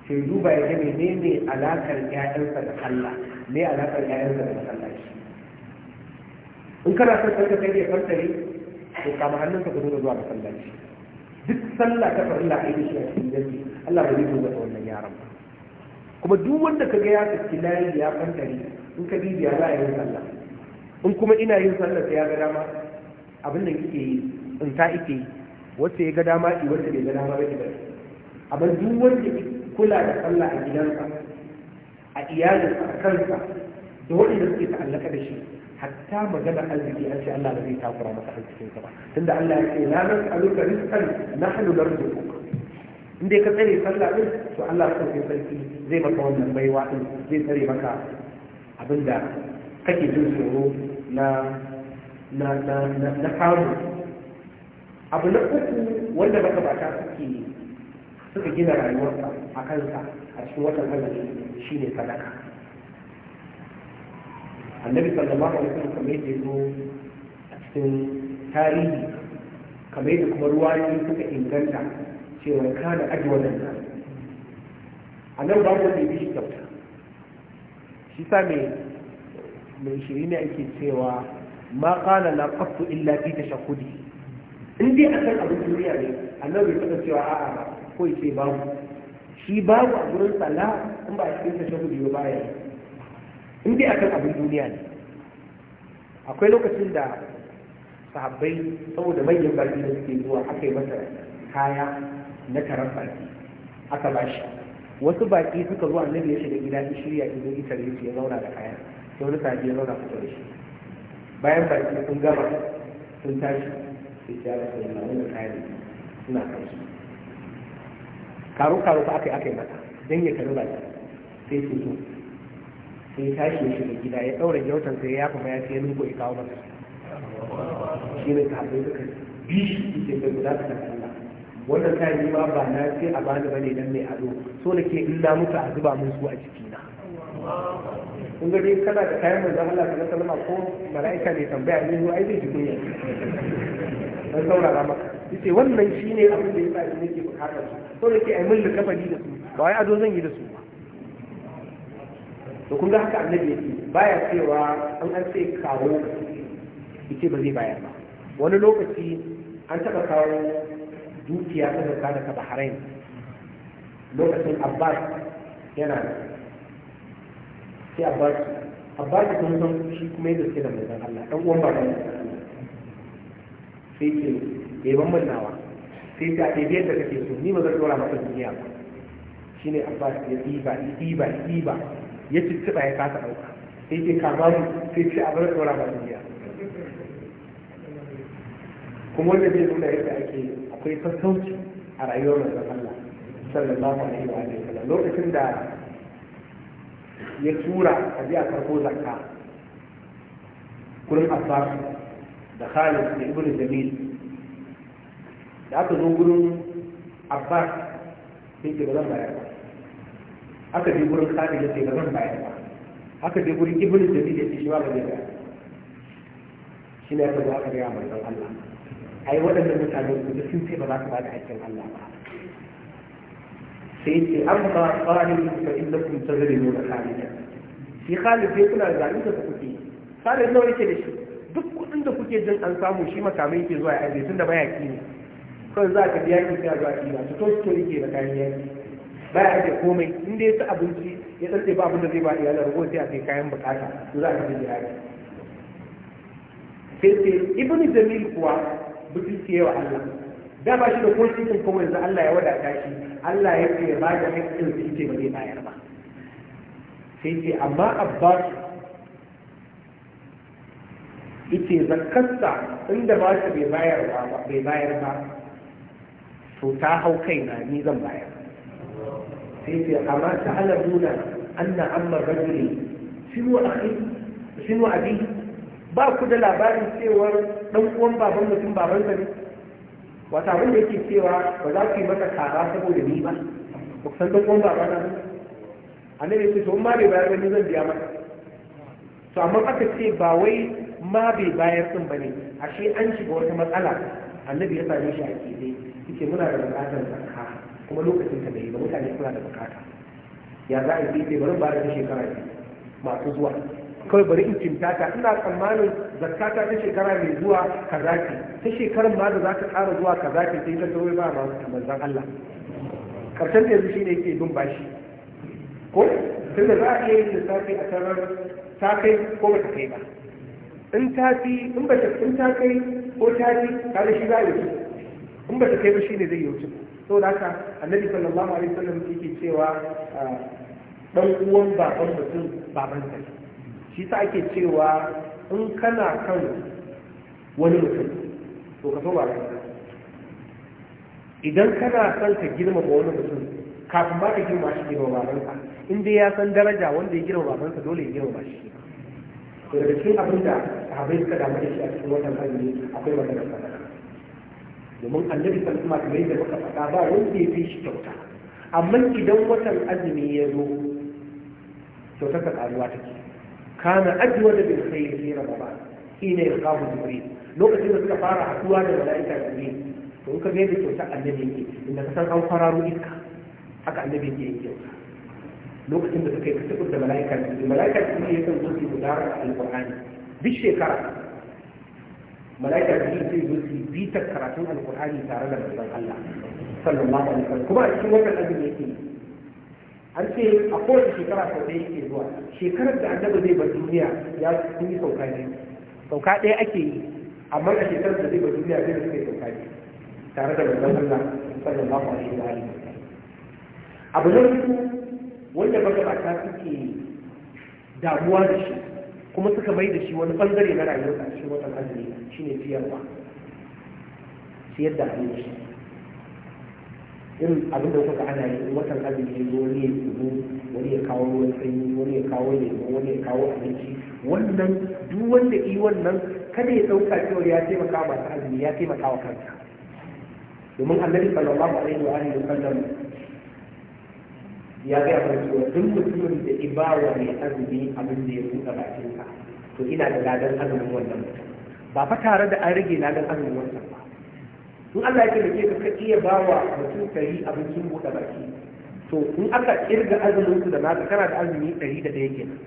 sai duba ya ga menene alakar ƴaƴansa da Allah me alakar ƴaƴansa da masallaci in kana son kanka kai ya fartare to kama hannunka ka da zuwa masallaci duk sallah ta farilla a yi shi a cikin Allah ba zai zo ga wannan yaron ba kuma duk wanda kaga ya tsaki layi ya kankare in ka bibiya za a yi sallah in kuma ina yin sallah sai ya ga dama abin da kike yi in ta ike yi wacce ya ga dama ki wacce bai ga dama ba ki ba amma duk wanda kula da sallah a gidansa a iyalinsa a kansa da waɗanda suke ta'allaka da shi hatta magana arziki an ce Allah ba zai takura maka arzikinsa ba tunda Allah ya ce la nas'aluka rizqan nahnu narzuquka in dai ka tsare sallah din to Allah ya kai sarki zai maka wannan baiwa din zai tsare maka abinda kake jin tsoro na na na na, na kamu abu na uku wanda baka bata suke suka gina rayuwarsa a kansa a cikin watan azumi shine sadaka annabi sallallahu alaihi wasallam kamar yadda zo a cikin tarihi kamar yadda kuma ruwa ne suka inganta cewa kana ajwadan a nan ba da bai bishi kyauta shi sa mai mai shiri ne ake cewa ma kana na qattu illa fi tashakkudi in dai kan abin duniya ne nan bai taɓa cewa a'a ba ko ce babu shi babu a gurin tsala in ba a cikin tashahudi ba baya in dai kan abin duniya ne akwai lokacin da sahabbai saboda manyan baki da suke zuwa aka yi masa kaya na karan baki aka ba shi wasu baki suka zuwa annabi ya shiga gida ya shirya ido ita da ya zauna da kayan sai wani sahabi ya zauna kusa da shi bayan baki sun gama sun tashi sai ya rasu yana wani kayan suna kan su karo karo fa aka yi aka yi mata dan ya karu baki sai su zo sai tashi ya shiga gida ya daura gyautan sai ya kuma ya ce ya nuko ya kawo masa shi ne sahabi suka bi shi ke guda su wannan kayan ma ba na ce a bani bane dan mai ado so nake in na mutu a zuba mun su a na kun ga dai kana da kayan manzon Allah sallallahu alaihi wasallam ko mala'ika ne tambaya ne ai zai ji kunya dan saurara maka yace wannan shine abin da yasa ni nake bukatar su so nake ai mun likafani da su ba wai ado zan yi da su ba to kun ga haka annabi yake baya cewa an an sai kawo yace ba zai bayar ba wani lokaci an taba kawo dukiya ta zarka daga bahrain lokacin abbas yana sai abbas abbas kun san shi kuma yadda suke da zan Allah ɗan uwan ba sai ke yaban murnawa sai ta ɗebe da kake so ni ba zan dora maka duniya ba ne abbas ya ɗiba ya ɗiba ya ɗiba ya cicciɓa ya kasa ɗauka sai ke kama mu sai ce a bar dora maka duniya kuma wanda zai nuna yadda ake akwai sassauci a rayuwar da Allah sallallahu alaihi wa sallam lokacin da ya tura a biya farko zakka gurin asar da Khalid da Ibn Jamil da aka zo gurin Abbas sai ke ba zan bayar ba aka je gurin Khalid ya ce ba zan bayar ba aka je gurin Ibn Jamil ya ce shi ba zai bayar shi ne aka zo aka gaya manzon Allah ai waɗannan mutane da sun ce ba za su bada haƙƙin Allah ba sai ce an ba tsarin da inda kun tazari nuna kariya. shi khalid sai kuna da zalunta da kuke khalid nawa yake da shi duk kuɗin da kuke jin an samu shi makamai yake zuwa ya aje tun da bayaki ne kawai za ka biya ki zuwa ki su to to ke da kayan yaki baya aje komai in dai ta abinci ya tsarce ba abin da zai ba iyalan ruwa sai a kai kayan bukata to za ka ji yaki sai sai ibnu jamil kuwa mutunci yawa Allah da ba shi da ko cikin kuma yanzu Allah ya wadata shi Allah ya ce ya bada hakkin shi ce ba zai bayar ba sai ce amma Abbas yace zakkarsa inda ba shi bai bayar ba bai bayar ba to ta hau kaina ni zan bayar sai ce amma ta'lamuna anna amma rajuli sinu akhi sinu abihi ba ku da labarin cewar ɗan uwan baban mutum baban sa ne wata abin da yake cewa ba za ku yi masa kara saboda ni ba ba ku san ɗan uwan baban nan annabi ce to in ma bai bayar ba zan biya ba? to amma aka ce ba wai ma bai bayar sun ba ne ashe an shiga wata matsala annabi ya same shi a kebe yake muna da bukatar zakka kuma lokacin ta bai ba mutane suna da bukata ya za a yi bari ba da shekara biyu masu zuwa kawai bari in cinta ta ina tsammanin zakka ta ta shekara mai zuwa kaza ce ta shekarar ma da za ta ƙara zuwa kaza ce sai ta zo ba masu manzon Allah karshen da yanzu shine yake bin bashi ko tun da za a iya yin lissafi a tarar ta kai ko ba ta kai ba in ta fi in ba ta in ta kai ko ta fi kada shi za a yi in ba ta kai ba shi ne zai yi wuce da haka annabi sallallahu alaihi wasallam yake cewa ah, dan uwan baban mutum baban sa shi sa ake cewa in kana kan wani mutum to ka so ba idan kana son ka girmama wani mutum kafin ba ka girma shi girma babansa in dai ya san daraja wanda ya girma ranka dole ya girma shi to daga cikin abin da sahabbai suka damu da shi a cikin wannan azumi akwai magana sadaka domin annabi sallallahu alaihi wasallam da muka faɗa ba wanda ya fi shi kyauta amma idan watan azumi ya zo kyautar ta karuwa take kana ajwada bil khayr fi ramadan shine iqamu jibril lokacin da suka fara haduwa da malaika jibril to in ka ga yadda kyauta annabi yake inda ka san an kwararo iska haka annabi yake yin kyauta lokacin da suka yi kasabur da malaika jibril malaika jibril ya san zo gudanar da alqur'ani duk shekara malaika jibril sai zo su bitar karatun alqur'ani tare da Allah kuma a cikin wannan azumi yake an ce a kowace shekara sau ɗaya yake zuwa shekarar da annabi zai bar duniya ya kun yi sauka ne sauka ɗaya ake yi amma a shekarar da zai bar duniya zai suka yi sauka ne tare da manzon Allah sallallahu alaihi wa alihi abu na biyu wanda magabata suke damuwa da shi kuma suka mai da shi wani bangare na rayuwar a cikin watan azumi shine ciyarwa ciyar da abinci irin abin da kuka ana yi watan azumi zo wani ya tsoro wani ya kawo ruwan sanyi wani ya kawo lemo wani ya kawo abinci wannan duk wanda yi wannan kada ya dauka cewa ya taimaka masu azumi ya taimaka wa kansa domin annabi sallallahu alaihi wa alihi wasallam ya ga mana cewa duk mutumin da ibawa mai azumi abin da ya buɗe bakinka to ina da ladan azumin wannan ba fa tare da an rage ladan azumin wannan ba in Allah ya taimake ka ka iya bawa mutum ɗari abincin buɗe baki to in aka kirga azumin su da naka kana da azumi ɗari da ɗaya kenan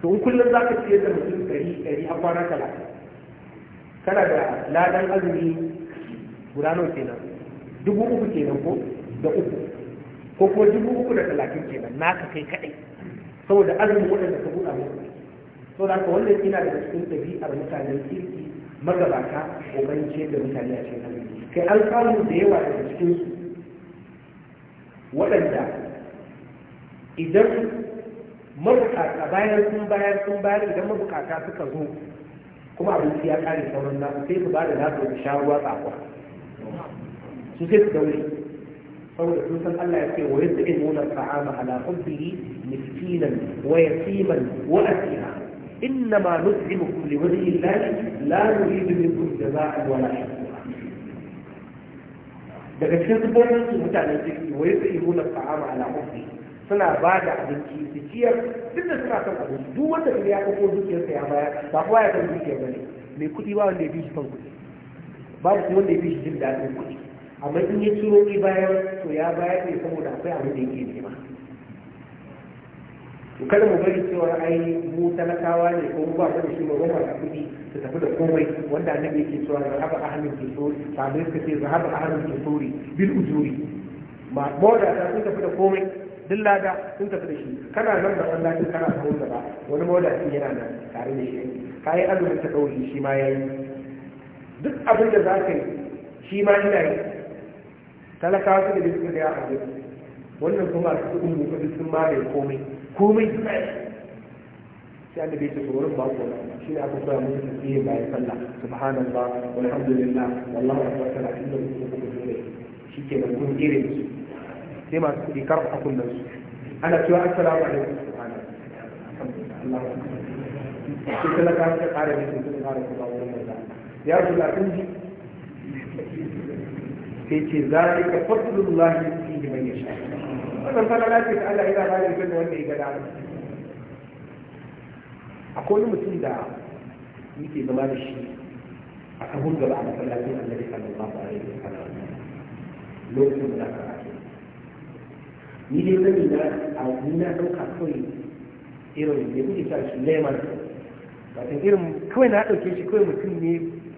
to in kullum za ka ciyar da mutum ɗari ɗari a kwana talatin kana da ladan azumi guda nawa kenan dubu uku kenan ko da uku ko kuma dubu uku da talatin kenan naka kai kaɗai saboda azumin waɗanda ka buɗa musu saboda haka wannan ina da cikin ɗabi'ar mutanen kirki magabata kokarin ce da mutane a cikin hankali kai an da yawa daga cikin su waɗanda idan mabukata bayan sun bayar sun bayar idan mabukata suka zo kuma abinci ya kare sauran nasu sai su ba da nasu da shawarwa tsakwa su sai su daure saboda sun san Allah ya ce wa yadda in nuna ta'ama ala hubbihi miskinan wa yatiman wa asira إنما نطعمكم لوجه الله لا نريد منكم جزاء ولا شكورا daga cikin zubonin su mutane su wai su ihu nuna ta'ama a mafi suna ba da abinci su ciyar duk da suna son abinci duk wanda ya kako dukiyarsa ya baya ba kowa ya san dukiyar bane mai kuɗi ba wanda ya bi shi son kuɗi babu kuma wanda ya bi shi jin daɗin kuɗi amma in ya ciro ki bayan to ya baya ne saboda akwai abin da yake nema to kada mu bari cewa ai mu talakawa ne ko mu ba mu da shi mu ba da kuɗi su tafi da komai wanda annabi yake cewa zahaba ahlul Ba sabai ka ce haba ahlul qusuri bil ujuri ma boda ta sun tafi da komai dilla lada sun tafi da shi kana nan da Allah ta kana kawo da ba wani boda shi yana nan tare da shi kai azumin ta kawo shi ma yayi duk abin da za ka yi shi ma ina yi talakawa su da bisu da ya wannan kuma su ummu kudi sun ma da komai komai suna yi sai annabi ya ba'a ku wurin babu wani shi ne aka koya musu tasbihi bayan sallah subhanallah walhamdulillah wallahu akbar kana inda mutum ku ne shi ke nan kun kire su sai masu kuɗi karɓa a kunnen su ana cewa assalamu alaikum subhanallah alhamdulillah sai talaka suka kare ne sun ƙara kuma wurin da ya rasu la kun ji sai ce zalika fadlullahi fihi man yasha wannan falala lafiya ta Allah yana bada ita da wanda ya ga dama akwai wani mutum da muke zama da shi a kan gaba a masallacin annabi sallallahu alaihi wa sallam lokacin da aka ni dai sani na a na ɗauka kawai irin da kuke sa shi lemon wato irin kawai na ɗauke shi kawai mutum ne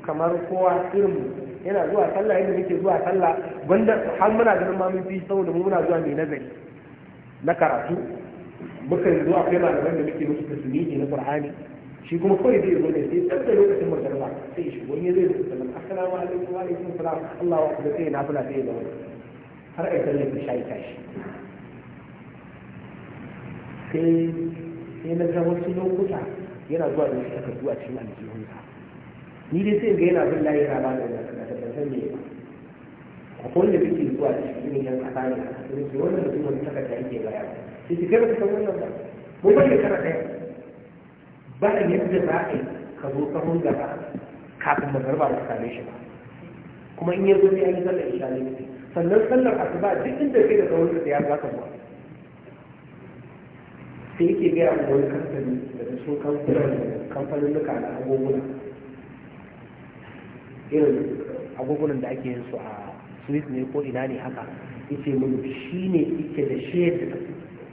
kamar kowa irin yana zuwa sallah yadda muke zuwa sallah wanda har muna ganin ma mun fi saboda mu muna zuwa mai nazari na karatu muka yi zuwa kai malaman da muke musu tasmini na qur'ani shi kuma kawai zai zo ne sai tsarda lokacin magarba sai shi wani zai zo sallam assalamu alaikum wa alaikum salam Allah wa akbar sai nafila sai ya zauna har ai sallan ta shayi tashi sai sai na ga wasu lokuta yana zuwa da shi takardu a cikin aljihunsa ni dai sai ga yana bin layi na ba da sani a kowanne da ke zuwa cikin yan kasa ne a cikin su wannan mutumin saka ta yake baya sai ki kai ba san wannan ba mun bai da kara ɗaya ba a da za a yi ka zo kafin gaba kafin magarba ba same shi ba kuma in ya zo sai an yi sallar isha ne sannan sallar asuba duk inda kai da kawai da ya za ka zuwa sai yake gaya a wani kamfani da su kamfanin kamfanin nuka da abubuwa irin agogunan da ake yin su a swiss ne ko ina ne haka yace mun shi ne yake da shi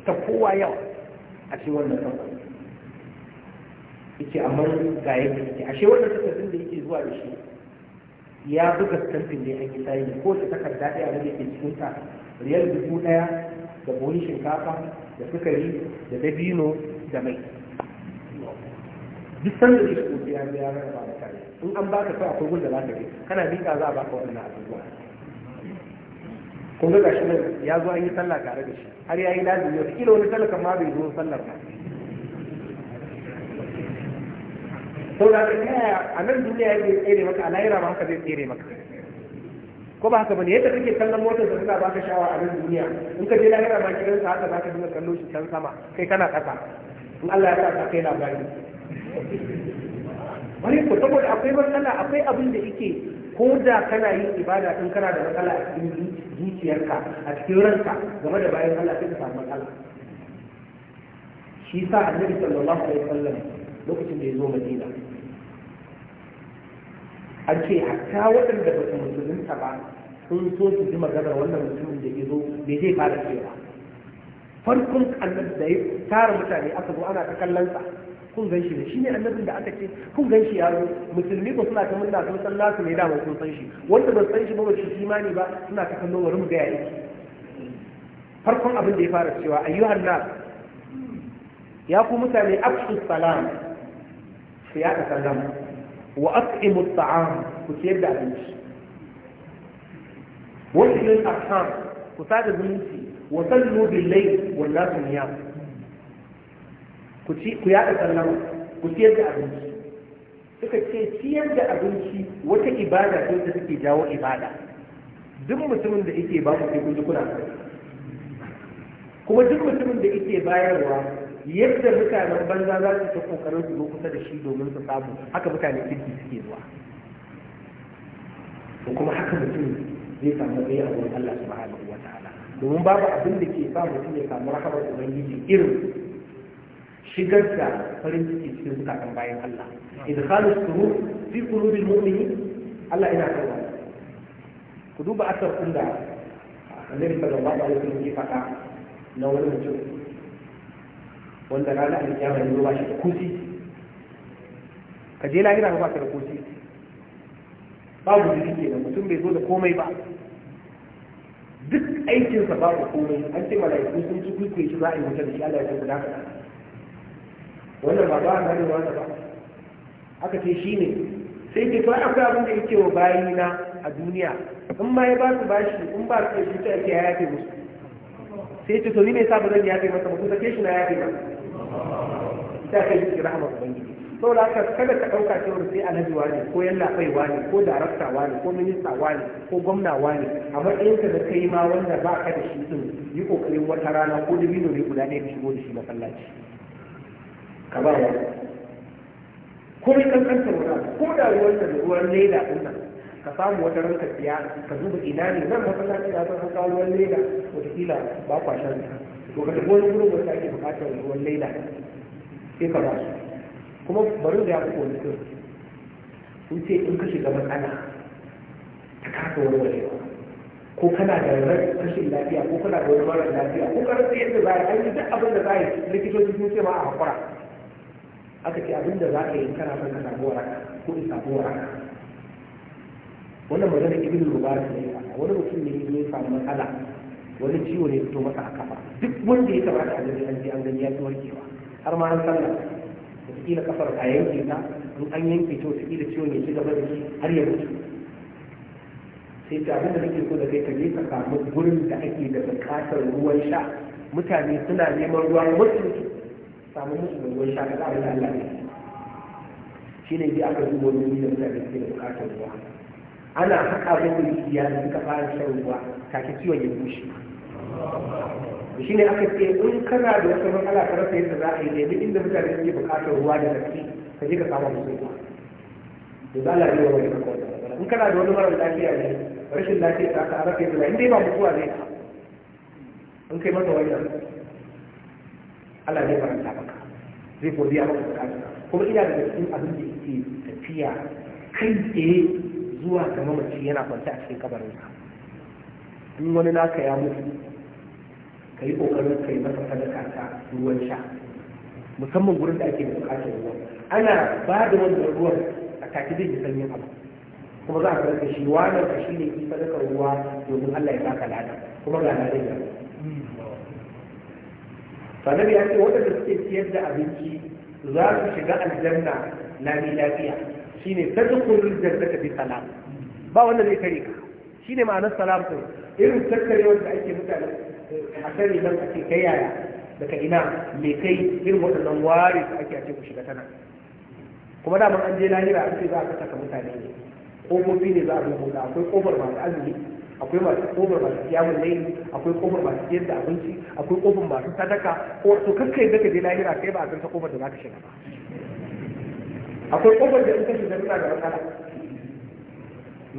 ta kowa yau a cikin wannan kamfani yace amma ga yadda yake ashe wannan takardun da yake zuwa da shi ya buga stampin ne an yi sayi ko ta takarda ɗaya da yake cikin ta riyal dubu ɗaya da buhun shinkafa da sukari da dabino da mai duk sanda da shi ya biya rarraba in an baka kai akwai gunda za ka kana miƙa za a baka waɗannan abubuwa kun ga gashi nan ya zo an yi sallah tare da shi har ya yi lazimi wata kila wani talaka ma bai zo sallar ba saboda da ta kaya a nan duniya ya zai tsere maka a lahira ba haka zai tsere maka ko ba haka bane yadda kake kallon motar da suna baka shawa a nan duniya in ka je lahira ma gidansa haka za ka dinga kallo shi can sama kai kana kasa in Allah ya sa ka kai labari bari ku saboda akwai matsala akwai abin da yake ko da kana yin ibada in kana da matsala a cikin zuciyarka a cikin ranka game da bayan Allah sai ka samu matsala shi sa annabi sallallahu alaihi wasallam lokacin da ya zo Madina an ce hatta waɗanda ba su musulunta ba sun so su ji magana wannan mutumin da ya zo me zai fara cewa farkon annabi da ya tara mutane aka zo ana ta kallon sa kun gan shi ne shi ne annabin da aka ce kun gan shi ya musulmi ko suna ta murna sun san nasu ne dama sun san shi wanda ba san shi ba ba shi imani ba suna ta kallo bari mu ga ya yake farkon abin da ya fara cewa ayyuhan nas ya ku mutane afshu salam su ya ka sallama wa at'imu ta'am ku ciyar da abinci wa ilal arham ku sada zumunci wa sallu bil layl wan nasu niyam ku yada sannan yaɗa ku siyar da abinci suka ce siyar da abinci wata ibada ce da suke jawo ibada duk mutumin da yake ba ku sai kun ji kuna kuma duk mutumin da yake bayarwa yadda mutanen banza za su ta kokarin su zo kusa da shi domin su samu haka mutane kirki suke zuwa ko kuma haka mutum zai samu ɗaya a wurin Allah subhanahu wa ta'ala domin babu abin da ke sa mutum ya samu rahamar ubangiji irin shigar da farin ciki cikin zukatan bayan Allah idkhalus surur fi qulubil mu'mini Allah yana karba ku duba asar kun da Annabi sallallahu alaihi wasallam ya faɗa na wani mutum wanda rana a ya ne ba shi da kusi ka je lahira ba ka da kusi babu jiki kenan mutum bai zo da komai ba duk aikinsa babu komai an ce mala'iku sun ci kuke shi za a yi mutum, da shi Allah ya tabbata wannan ba ba na da ba aka ce shi ne sai ke fa akwai abin da yake wa na a duniya in ma ya ba su bashi in ba su shi ta yake ya yafe musu sai ce to ni ne sa ba zan yafe masa ba kusa ke shi na yafe ba? ita kai shi rahama ubangiji da haka kada ka ɗauka cewar sai alhaji ne ko yan lafaiwa ne ko darakta ne ko minista ne ko gwamna ne a matsayinka da kai ma wanda ba ka da shi sun yi kokarin wata rana ko dabino ne guda ɗaya ka shigo da shi masallaci ka ba wani komai kankantar wani ko da ruwan da ruwan leda ɗin nan ka samu wata ranka siya ka zuba ina ne nan masallaci da san kawo ruwan leda wataƙila ba kwa shan ta to ka tafi wani gurin wanda ake buƙatar ruwan leda sai ka ba su kuma bari da ya fi wani sun sun ce in ka shiga matsala ta kasa wani warwarewa ko kana da kashin lafiya ko kana da wani marar lafiya ko ka rasa yadda za a yi duk abin da za a yi likitoci sun ce ma a hakura aka ce abinda za ka yi kana son ka samu waraka ko in samu waraka wannan magana ibn mubarak ne wani mutum ne ya samu matsala wani ciwo ne fito masa a kafa duk wanda ya kamata da gani an je an gani ya fi warkewa har ma an su wataƙila kafar a yanke ta in an yanke ta wataƙila ciwon ya ci gaba da shi har ya mutu sai ta abinda nake so da kai ka je ka samu gurin da ake da buƙatar ruwan sha mutane suna neman ruwa wasu Samun musu mai ruwan sha ka za a yi Allah ne shi ne bi aka dubo wani da mutane suke da bukatar ruwa ana haƙa musu rijiya da suka fara shan ruwa kake ciwon ya bushe shi ne aka ce in kana da wata matsala ka rasa yadda za a yi nemi inda mutane suke bukatar ruwa da gaske ka je ka samu musu ruwa da za a yi wa wani in kana da wani marar lafiya ne rashin lafiya ta ka rasa yadda inda ba mutuwa zai ka in kai masa wannan Allah zai faranta maka zai ko biya maka bukatu kuma ina da cikin abin da yake tafiya kai tsaye zuwa ga mamaci yana kwanta a cikin kabarin ka in wani naka ya mutu ka yi ƙoƙarin ka yi masa sadaka ta ruwan sha musamman gurin da ake bukatar ruwa ana ba da wannan ruwan a take zai ji sanyin abu kuma za a ga kashi wani kashi ne ki sadaka ruwa domin Allah ya baka lada kuma ga lada ya sanar ya ce waɗanda suke siyar da abinci za su shiga aljanna na mi lafiya shine ta da jannata bi salam ba wanda zai kare ka ne ma'anar salam din irin tattare wanda ake mutane eh, a kare nan a kai yaya daga ina me kai irin waɗannan ware da ake a ku shiga tana kuma da an je lahira an ce za a saka mutane ne ƙofofi ne za a rubuta akwai ƙofar masu azumi akwai masu kofar masu kiyamun laili akwai kofar masu siyar da abinci akwai kofar masu sadaka ko to kakkai zaka je lahira kai ba a san ta kofar da zaka shiga ba akwai kofar da in ka shiga tana da matsala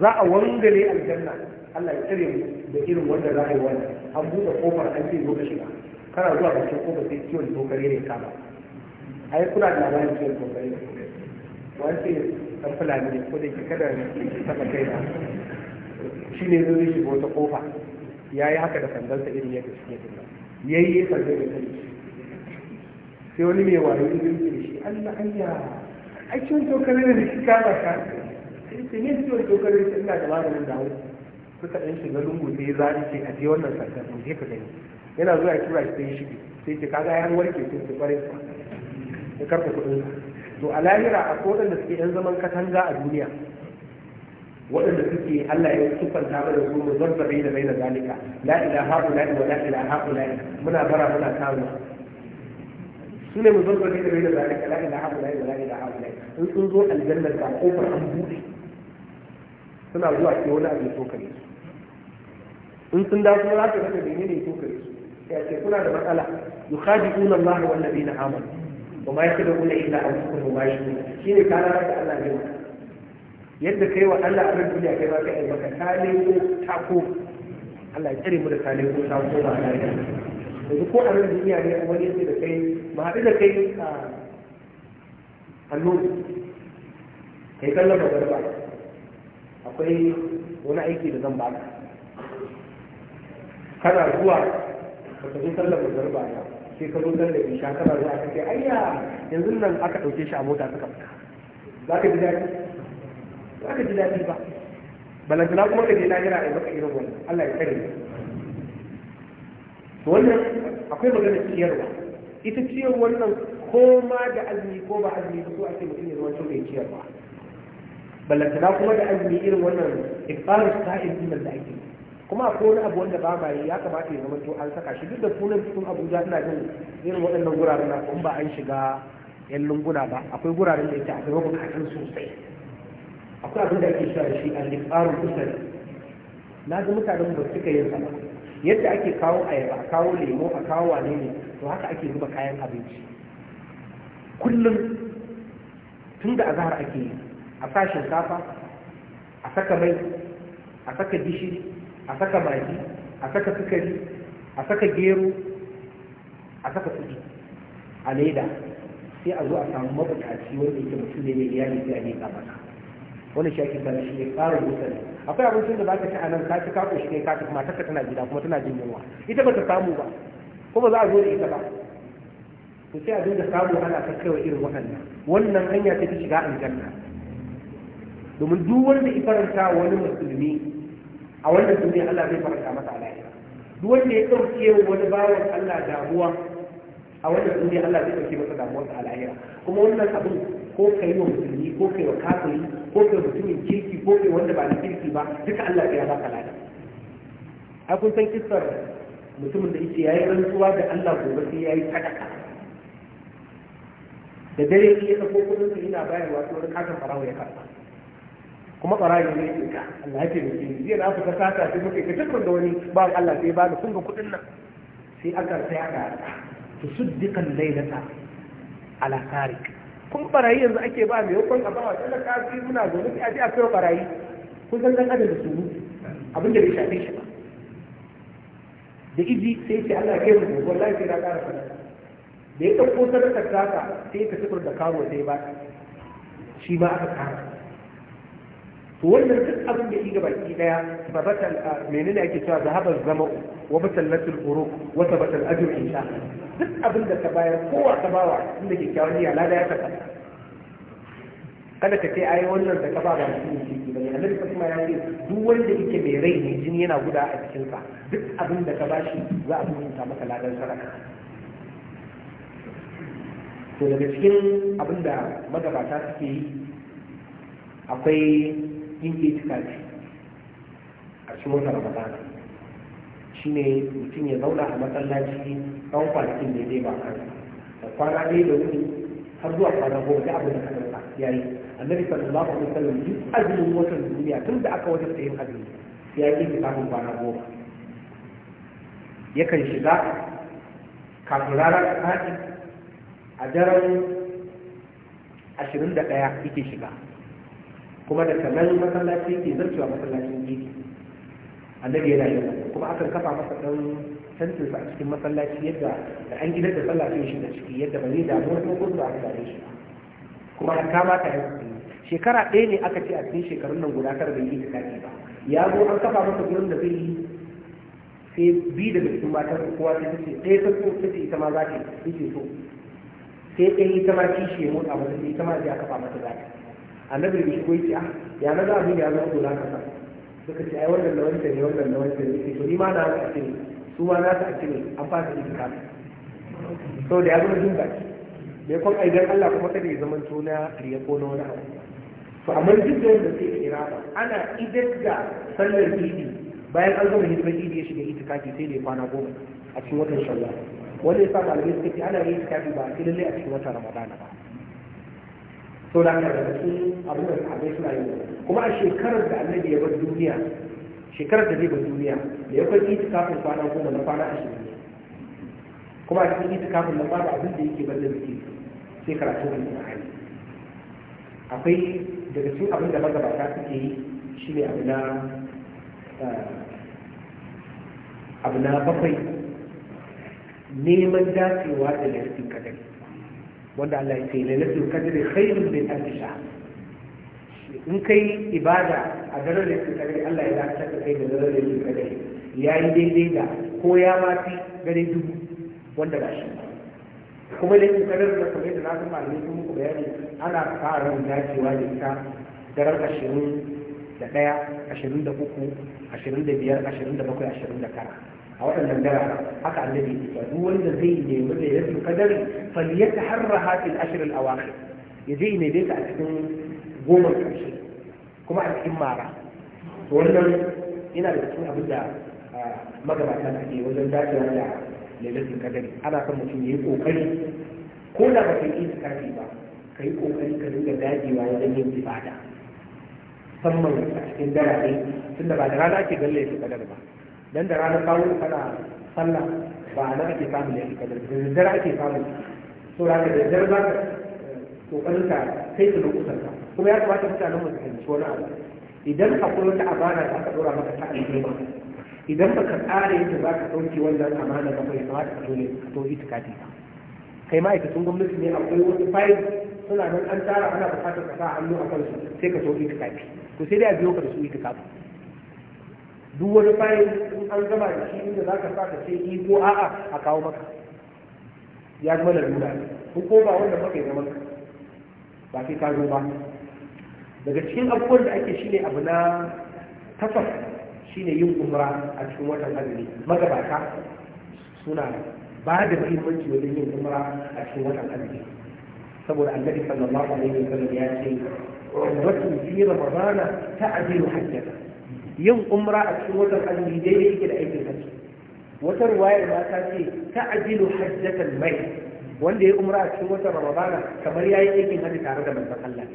za a wangale aljanna Allah ya tsare mu da irin wanda za a yi wannan an buɗe kofar an ce zo ka shiga kana zuwa bakin kofar sai ciwon tokare ne kama ai kuna da labarin ciwon tokare ne wani ce dan fulani ne ko da ke kada ne saka kai na shi ne zai shiga wata kofa ya yi haka da sandansa irin yadda suke din nan ya yi sandan da kai sai wani mai wayo ya zai da shi allah allah a cikin tokarin da shi kama ka sai ne cikin tokarin da ina da maganin da hau suka ɗan shiga lungu sai ya zaɗi ce a je wannan sandan mu je ka gani yana zuwa kira shi sai ya shige sai ce kaga ya warke sai ce kwarai sa ya karɓa kuɗin to a lahira a kodan da suke yan zaman katanga a duniya وإن تكي ألا يوصفاً تابعاً يقول مضربين بين ذلك لا إلى هؤلاء ولا إلى هؤلاء منا برا منا تابع سنة مضربين بين ذلك لا إلى هؤلاء ولا إلى هؤلاء انظر الجنة العقوبة عمبوري سنة الله يولا أن يتوكل إن سنة الله يولا أن يتوكل يتوكل يعني كنا لمسألة يخادعون الله والذين آمنوا وما يخدعون إلا أنفسهم وما يشكون شيني كان رأيك الله يولا yadda kai wa Allah a duniya kai ba ka yi maka tale ko tako Allah ya tsare mu da tale ko tako ba a yanzu ko a nan duniya ne wani yake da kai ba haɗu da kai a hannu kai kallon da garba akwai wani aiki da zan baka kana zuwa ka zo kallon da garba ba sai ka zo sallar da isha kana zuwa ka ce ayya yanzu nan aka ɗauke shi a mota suka fita za ka ji daɗi za ka ji daɗi ba balantana kuma ka je lahira a maka irin wannan Allah ya kare to wannan akwai magana ciyarwa ita ciyar wannan ko ma da azumi ko ba azumi ba so ake mutum ya zama to mai ciyarwa balantana kuma da azumi irin wannan ikbarin sa'in iman da ake kuma akwai wani abu wanda ba ma yi ya kamata ya zama to an saka shi duk da sunan cikin Abuja ina jin irin waɗannan guraren na kuma ba an shiga yan lunguna ba akwai guraren da yake akwai mabukatan sosai akwai abin da ake shi da shi a liƙarun da na ga mutanen ba suka yin sama yadda ake kawo ayaba a kawo lemo a kawo wane ne to haka ake zuba kayan abinci kullum tun da azahar ake yi a sa shinkafa a saka mai a saka gishiri a saka magi a saka sukari a saka gero a saka kuɗi a leda sai a zo a samu mabukaci wanda ke mutum ne mai iyali sai a ga masa wani shi ta sani shi ne ƙara ne. akwai abincin da za ka ci a nan ka ci ka koshi ne ka ci matar ka tana gida kuma tana jin yunwa ita bata samu ba kuma za a zo da ita ba to sai a da samu ana ta kaiwa irin waɗannan wannan hanya ce ta shiga aljanna domin duk wanda ya faranta wani musulmi a wannan duniya Allah zai faranta masa alaiya duk wanda ya ɗauke wani bawan Allah damuwa a wannan duniya Allah zai ɗauke masa damuwarsa alaiya kuma wannan abin ko kai wa musulmi ko kai wa kafiri ko kai mutumin kirki ko kai wanda ba na kirki ba duka Allah ya baka lada a kun san kissar mutumin da yake yayi rantsuwa da Allah gobe sai yayi sadaka da dare ne ya ko kudin sa yana bayarwa to wani kasan farawa ya karba kuma barayi ne yake ka Allah ya ce mutum zai na fuka sata sai muke ka tukun da wani ba Allah sai ba da kun ga kudin nan sai aka sai aka to suddiqan laylata ala tariq kun barayi yanzu ake ba mai hukun a ba wa talaka fi muna zo sai a a kai barayi kun san dan adana su abin abinda bai shafe shi ba da iji sai ce Allah kai mu wallahi sai na ƙara sadaka da ya ɗauko sadakar taka sai ka sifir da kawo sai ba shi ma aka kara to wannan duk abin da yi ga baki daya babatan menene ake cewa zahabar zama'u wa mutallatul furu wa sabatal ajr insha duk abin da ka bayar kowa ka bawa inda kyakkyawan niyya lada ya saka kada ka ce ai wannan da ka ba ba shi ne shi bane annabi kuma ya ce duk wanda yake mai rai ne jini yana guda a cikin sa duk abin da ka bashi za a rubuta maka ladan sadaka to daga cikin abin da magabata suke yi akwai yin itikafi a cikin wata ramadana ne mutum ya zauna a masallaci don kwanakin da zai ba kansa da kwana ne da wuni har zuwa kwana goma da abin da ka dauka yayi annabi sallallahu alaihi wasallam duk azumin watan duniya tun da aka wajen yin azumi ya yi samun kwana goma yakan shiga kafin ranar haɗi a daren ashirin da ɗaya yake shiga kuma da kanan masallaci ke zarcewa masallacin gidi annabi yana yin kuma akan kafa masa dan tantin a cikin masallaci yadda da an gidan da sallah shi da ciki yadda ba zai damu wani ko ba aka dame shi kuma har kama ta yin shekara ɗaya ne aka ce a cikin shekarun nan guda kar bai yi da kaki ba ya zo an kafa masa gurin da zai yi sai bi daga cikin matan kowa sai ta ɗaya ta so ta ce ita ma za ta yi ce so sai ɗaya ita ma kishi ya motsa mata sai ita ma zai kafa masa za ta annabi da shi ko ya ce ah ya na za a bi da ya zo guda kasa suka ce ai wannan na wancan ne wannan na wancan ne to ni ma na aka ce su ma na aka ce an ba su iska so da ya zama jin baki kon ai dan Allah kuma kada ya zama to na riya ko na wani abu to amma duk da yadda sai kira ba ana idan da sallar idi bayan an zama hidimar idi ya shiga itikafi sai ne kwana goma a cikin watan shawwal wanda ya sa malamai suka ce ana yin itikafi ba a cikin lalle a cikin watan ramadana ba sau da daga cikin abin da sahabai suna yi kuma a shekarar da annabi ya bar duniya shekarar da zai bar duniya da ya kwai itikafin kwana goma na kwana a ashirin kuma a cikin itikafin na babu abin da yake banda zikiri sai karatu da alƙur'ani akwai daga cikin abin da magabata suke yi shine abu na eh, abu na bakwai neman dacewa da yarfin kadari wanda Allah ya ce lailatul qadri khairun min alf shahr in kai ibada a daren lailatul qadri Allah ya dace ka kai da daren lailatul ya yayi daidai da ko ya ma fi dare dubu wanda ba shi kuma da yin kadar da kamar da na san malamai sun muku bayani ana fara ran dacewa da ita daren ashirin da ɗaya ashirin da uku ashirin da biyar ashirin da bakwai ashirin da tara a waɗannan dara haka annabi ya ce duk wanda zai nemi da yasu kadari falyataharraha fil ashr al awakhir ya zai ne dai a cikin goma ƙarshe kuma a cikin mara to wannan yana da cikin abin da magabata suke wajen dacewa da lailatul kadari ana son mutum ya yi ƙoƙari ko da ba ka yi ba ka yi kokari ka dinga dajewa wajen yin ibada musamman a cikin dare tunda ba da rana ake galle su kadar ba dan da ranar kawo kana sallah ba na ake samun yanki kadar da daddare ake samun so da da daddare ba ka eh, kokarin ka kai ka lokutan ka kuma ya kamata mutanen mu su fahimci wani abu idan akwai wata amana da aka dora maka ta ba, idan ba ka tsara yadda za ka ɗauki wannan amana ba ya kamata ka dole ka ita kati ba kai ma'aikatan gwamnati ne akwai wasu fayil suna nan an tara ana bukatar ka sa hannu a kansu sai ka so itikafi to sai dai a biyo ka da su ita itikafi duk wani bayan in an gama da shi inda za ka sa ka ce i ko a'a a kawo maka ya zama lalura ne ko ba wanda maka ya maka ba sai ka zo ba daga cikin abubuwan da ake shine abu na takwas shine yin umra a cikin watan azumi magabata suna ba da muhimmanci wajen yin umra a cikin watan azumi saboda annabi sallallahu alaihi wasallam ya ce tu fi ramadana ta'dilu hajjata yin umra a cikin watan dai daidai yake da aikin hajji wata ruwayar ma ta ce ta'jilu hajjatan mai wanda ya umra a cikin watan ramadana kamar ya yi aikin hajji tare da manzon Allah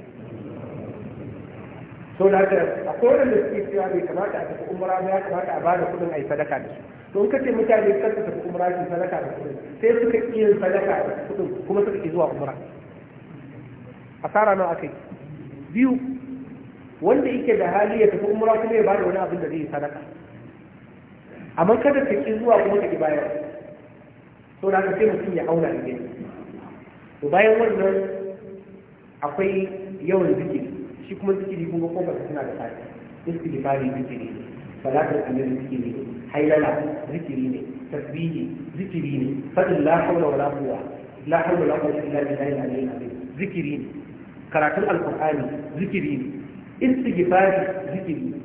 so da a akwai da suke cewa bai kamata a tafi umra ba ya kamata a bada kudin a yi sadaka da su to in kace mutane kar ka tafi umra ki sadaka da kudin sai suka iya sadaka da kudin kuma suka ke zuwa umra asara nawa akai biyu wanda yake da hali ya tafi umra kuma ya bada wani abin da zai yi sadaka amma kada ka ki zuwa kuma ka ki bayar so da sai mutum ya auna ne to bayan wannan akwai yawan zikiri shi kuma zikiri kun ga kofar suna da fadi istighfari zikiri ne salatul amir zikiri ne haylala zikiri ne tasbihi zikiri ne fadin la hawla wala quwwa la hawla wala quwwata illa billahi al-aliyyil azim zikiri ne karatun alqur'ani zikiri ne istighfari zikiri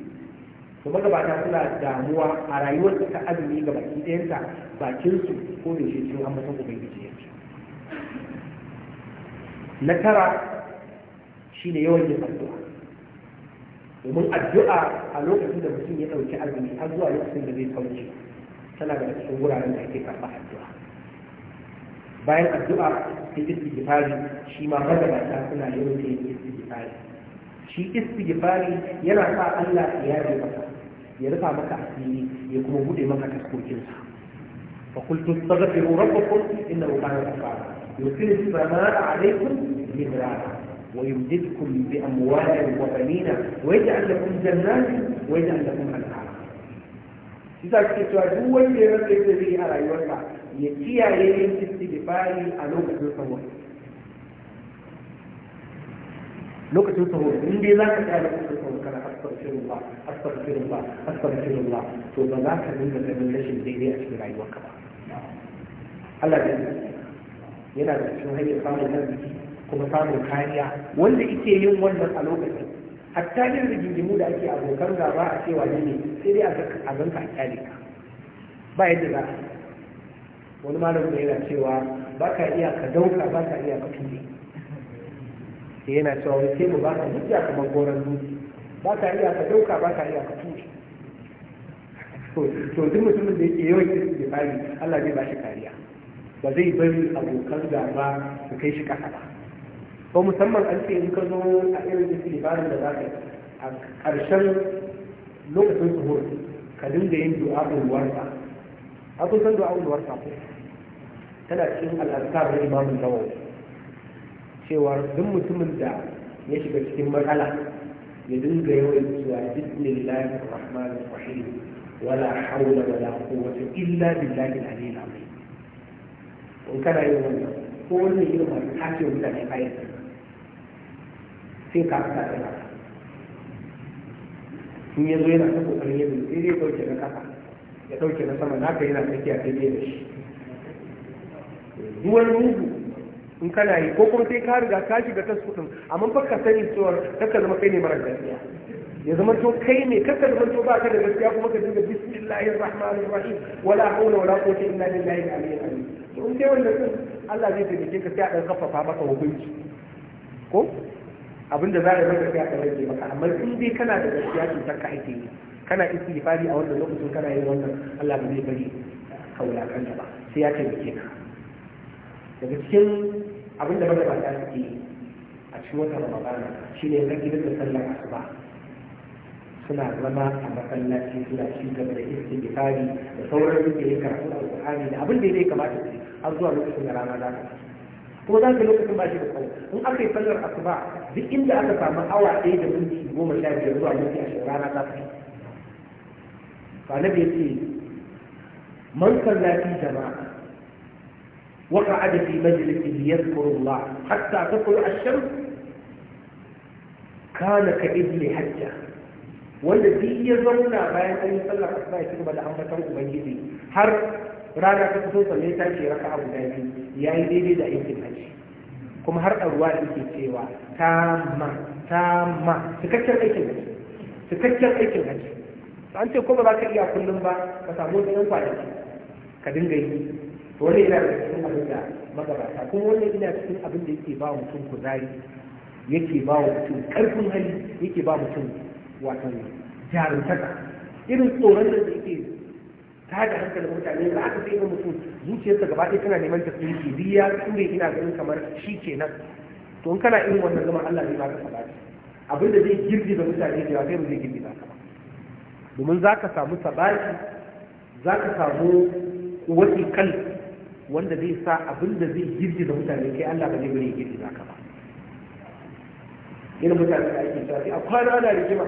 to magabata suna damuwa a rayuwar ta azumi ga baki ɗayanta bakinsu ko da yaushe cikin ambaton ubangiji yanzu na tara ne yawan yin addu'a domin addu'a a lokacin da mutum ya ɗauki azumi har zuwa lokacin da zai kauce tana da cikin wuraren da ake karɓa addu'a bayan addu'a sai istighfari shi ma magabata suna yawan yin istighfari shi istighfari yana sa Allah ya yabe maka ya rufa maka asiri ya kuma bude maka taskokinsa fa qultu astaghfiru rabbakum innahu kana ghafara yursilu as-samaa'a 'alaykum midrara ويمددكم بأموال وبنين ويجعل لكم جنات ويجعل لكم أنهارا إذا كنت أدوى لرب الذي ya يوسع يتيا يلين a lokacin بالصور lokacin tsoro in dai za ka da kusa sahur kana astaghfirullah astaghfirullah ba, to ba za ka dinga ganin rashin daidai a cikin rayuwarka ba Allah ya yana da cikin hanyar samun arziki kuma samun kariya wanda ike yin wannan a lokacin hatta yin rigingimu da ake abokan gaba a cewa ne sai dai a ganka a kyale ka ba yadda za yi. wani malamin yana cewa ba ka iya ka dauka ba ka iya ka tuɗe sai yana cewa wani sai mu ba ka hujja kamar goron dutse ba ka iya ka dauka ba ka iya ka tuki (laughs) to duk mutumin da yake yawan kisa da bari Allah zai ba shi kariya ba zai bari abokan gaba su kai shi kasa ba ko musamman an ce in ka zo a irin da libarin da za ka a ƙarshen lokacin suhur ka dinga yin du'a'ul warsa abun san du'a warsa ko tana cikin al'azkar na imamun nawawi cewa duk mutumin da ya shiga cikin matsala ya dinga yawan cewa bismillahir rahmanir rahim wala haula wala quwwata illa billahi al-aliyyil azim in kana yin wannan ko wannan irin masu tafiya mutane kayan sai ka fita da kafa in ya zo yana ta kokarin yadda sai zai dauke na kafa ya dauke na sama naka yana tafiya ta biye da shi duwar wani mugu in kana yi ko kuma sai ka riga ka shiga ta su amma fa ka sani cewa kaka zama kai ne mara gaskiya ya zama to kai ne kaka zama to ba ka da gaskiya kuma ka dinga bismillahir rahmanir rahim wala hawla wala quwwata illa billahi aliyyil azim to in dai wannan sun Allah zai taimake ka sai a dan kafafa maka hukunci ko abinda za a rage sai a rage maka amma in dai kana da gaskiya cutar ka ake yi kana istighfari a wannan lokacin kana yin wannan Allah ba zai bari a kanta ba sai ya taimake ka daga cikin abin da magabata suke a cikin wata ramadana shi ne kan gidan da sallar asuba suna zama a masallaci suna ci gaba da istighfari da sauran da ya karatu da alƙur'ani da abin da ya kamata su har zuwa lokacin da rana za ta ko za ka lokacin ba shi da kawo in aka yi sallar asuba duk inda aka samu awa ɗaya da minti goma sha biyar zuwa minti ashirin rana za ta ba na bai ce man sallaci jama'a وقعد في مجلس يذكر الله حتى تطلع الشمس كان كابن حجة والذي يزونا بين أن يصلى أسماء يتكب الأمة أبنجي هر رانا تقصوصا ليسا تاشي ركع أبو دايبي يأي ديبي دا في الحج كم هر أرواح في تيوا تاما تاما تكتر أي شيء تكتر أي شيء فأنت ce ko ba za ka iya kullum ba ka samu wasu to wani yana da cikin abin da magabata kuma wani yana cikin abin da yake ba mutum kuzari yake ba mutum karfin hali yake ba mutum wato jarumtaka irin tsoron da yake ta da hankalin mutane za ka sai mutum zuciyarsa gaba ɗaya tana neman tafiya ke biya kure ina ganin kamar shi kenan to in kana irin wannan zaman Allah zai baka sabati abin da zai girgi da mutane da kai ba zai girgi ba ka ba domin za ka samu sabati za ka samu wasi kan wanda zai sa abin da zai girgiza mutane kai Allah ba zai bari ya girgi ka ba ina mutane da ake sa a kwana ana rigima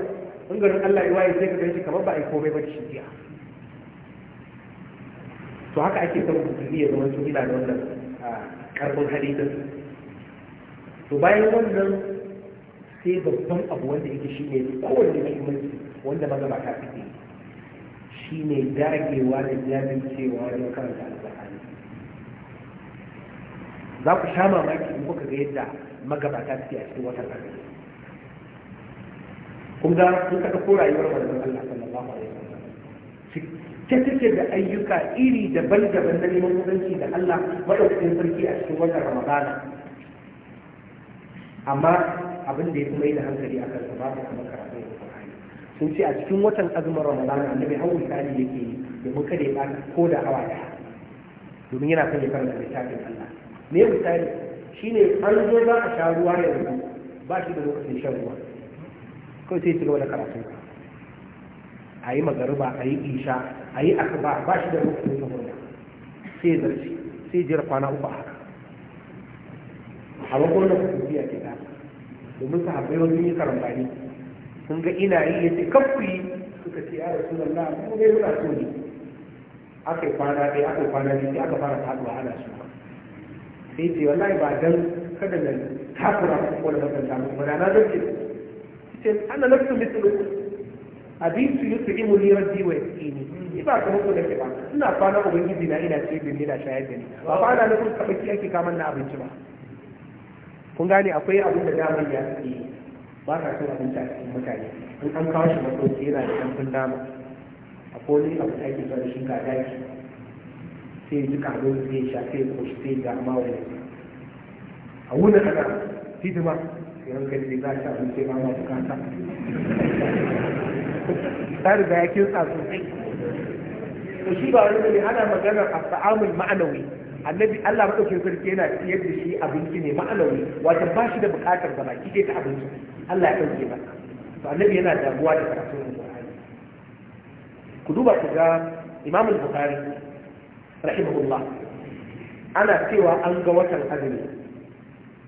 in garin Allah ya waye sai ka ganshi kamar ba a yi komai ba da shi to haka ake son musulmi ya zama sun da wannan karfin hadisin to bayan wannan sai babban abu wanda yake shi ne kowane muhimmanci wanda maza ba ta fi shi ne dagewa da jami'in cewa wajen karanta za ku sha mamaki in kuka ga yadda magabata suke a cikin watan azumi kun ga kun kaga ko rayuwar manzon Allah sallallahu alaihi wasallam ta take da ayyuka iri daban-daban na neman kudanci da Allah madaukakin sarki a cikin watan Ramadana amma abin da ya kuma yi da hankali a kansa ba kama karatu da sun ce a cikin watan azumin Ramadana annabi hawu tsari yake yi domin kada ya ba ko da hawa ɗaya domin yana son ya karanta littafin Allah me misali ne an zo za a sha ruwa yanzu ba shi da lokacin shan ruwa kawai sai ci gaba da karatu a yi magariba a yi isha a yi asuba ba shi da lokacin shan ruwa sai ya zarci sai jira kwana uku a haka a bakon da kuka biya ke dafa? domin su haɓe wani yi karambani sun ga ina yi ya ce kafi suka ce ya rasu da Allah kuma dai muna so ne aka yi kwana ɗaya aka yi kwana biyu sai aka fara faɗuwa ana suna sai ce wallahi ba dan kada na takura ku ko da makanta mu da na zance ce ana nafsu mithlu hadisu yut'imu li rabbi wa yaskini ni ba kamar da ke ba ina kwana ubangiji na ina ce bin ina shayar da ni ba ba na nufin kabaki ake ka na abinci ba kun gane akwai abin da dama ya yi ba ka so abinci a cikin mutane in an kawo shi masauki yana da kamfin dama akwai wani abu da ake zuwa da shi ka daji sai ji karbin sai sha sai koshi sai ga mawa ne. a wuna kana hidima sai hankali ne za ta abin sai ma ma bukata ta riga ya kinsa sosai to shi ba wani ne ana maganar a ta'amul ma'anawi annabi Allah madaukakin sarki yana ciyar da shi abinci ne ma'anawi wato ba shi da bukatar da baki ta abinci Allah ya dauke ba to annabi yana damuwa da karatun Qur'ani ku duba ku ga Imam Bukhari rahimahullah ana cewa an ga watan azumi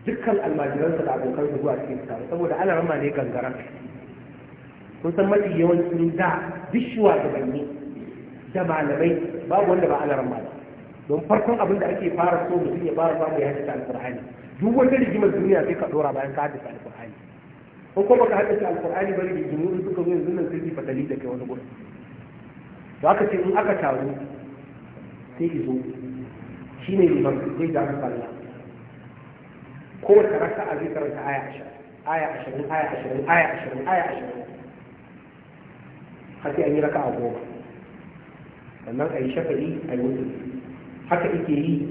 dukkan almajiransa da abokan zuwa cikin tare saboda ana rama ne gangaren kun san mafi yawancin da bishuwa da da malamai babu wanda ba ana rama ba don farkon abin da ake fara so mutum ya fara samu ya haddace alqur'ani duk wata rigimar duniya sai ka dora bayan ka haddace alqur'ani ko kuma ka haddace alqur'ani bari rigimu suka zo yanzu nan sai ki fadali da kai wani gurin to aka ce in aka taru sai ki zo shi ne liman zai ja masa sallah kowace raka a zai karanta aya ashirin aya ashirin aya ashirin aya ashirin har sai an yi raka a goma sannan a yi shafa'i a yi wuce haka ake yi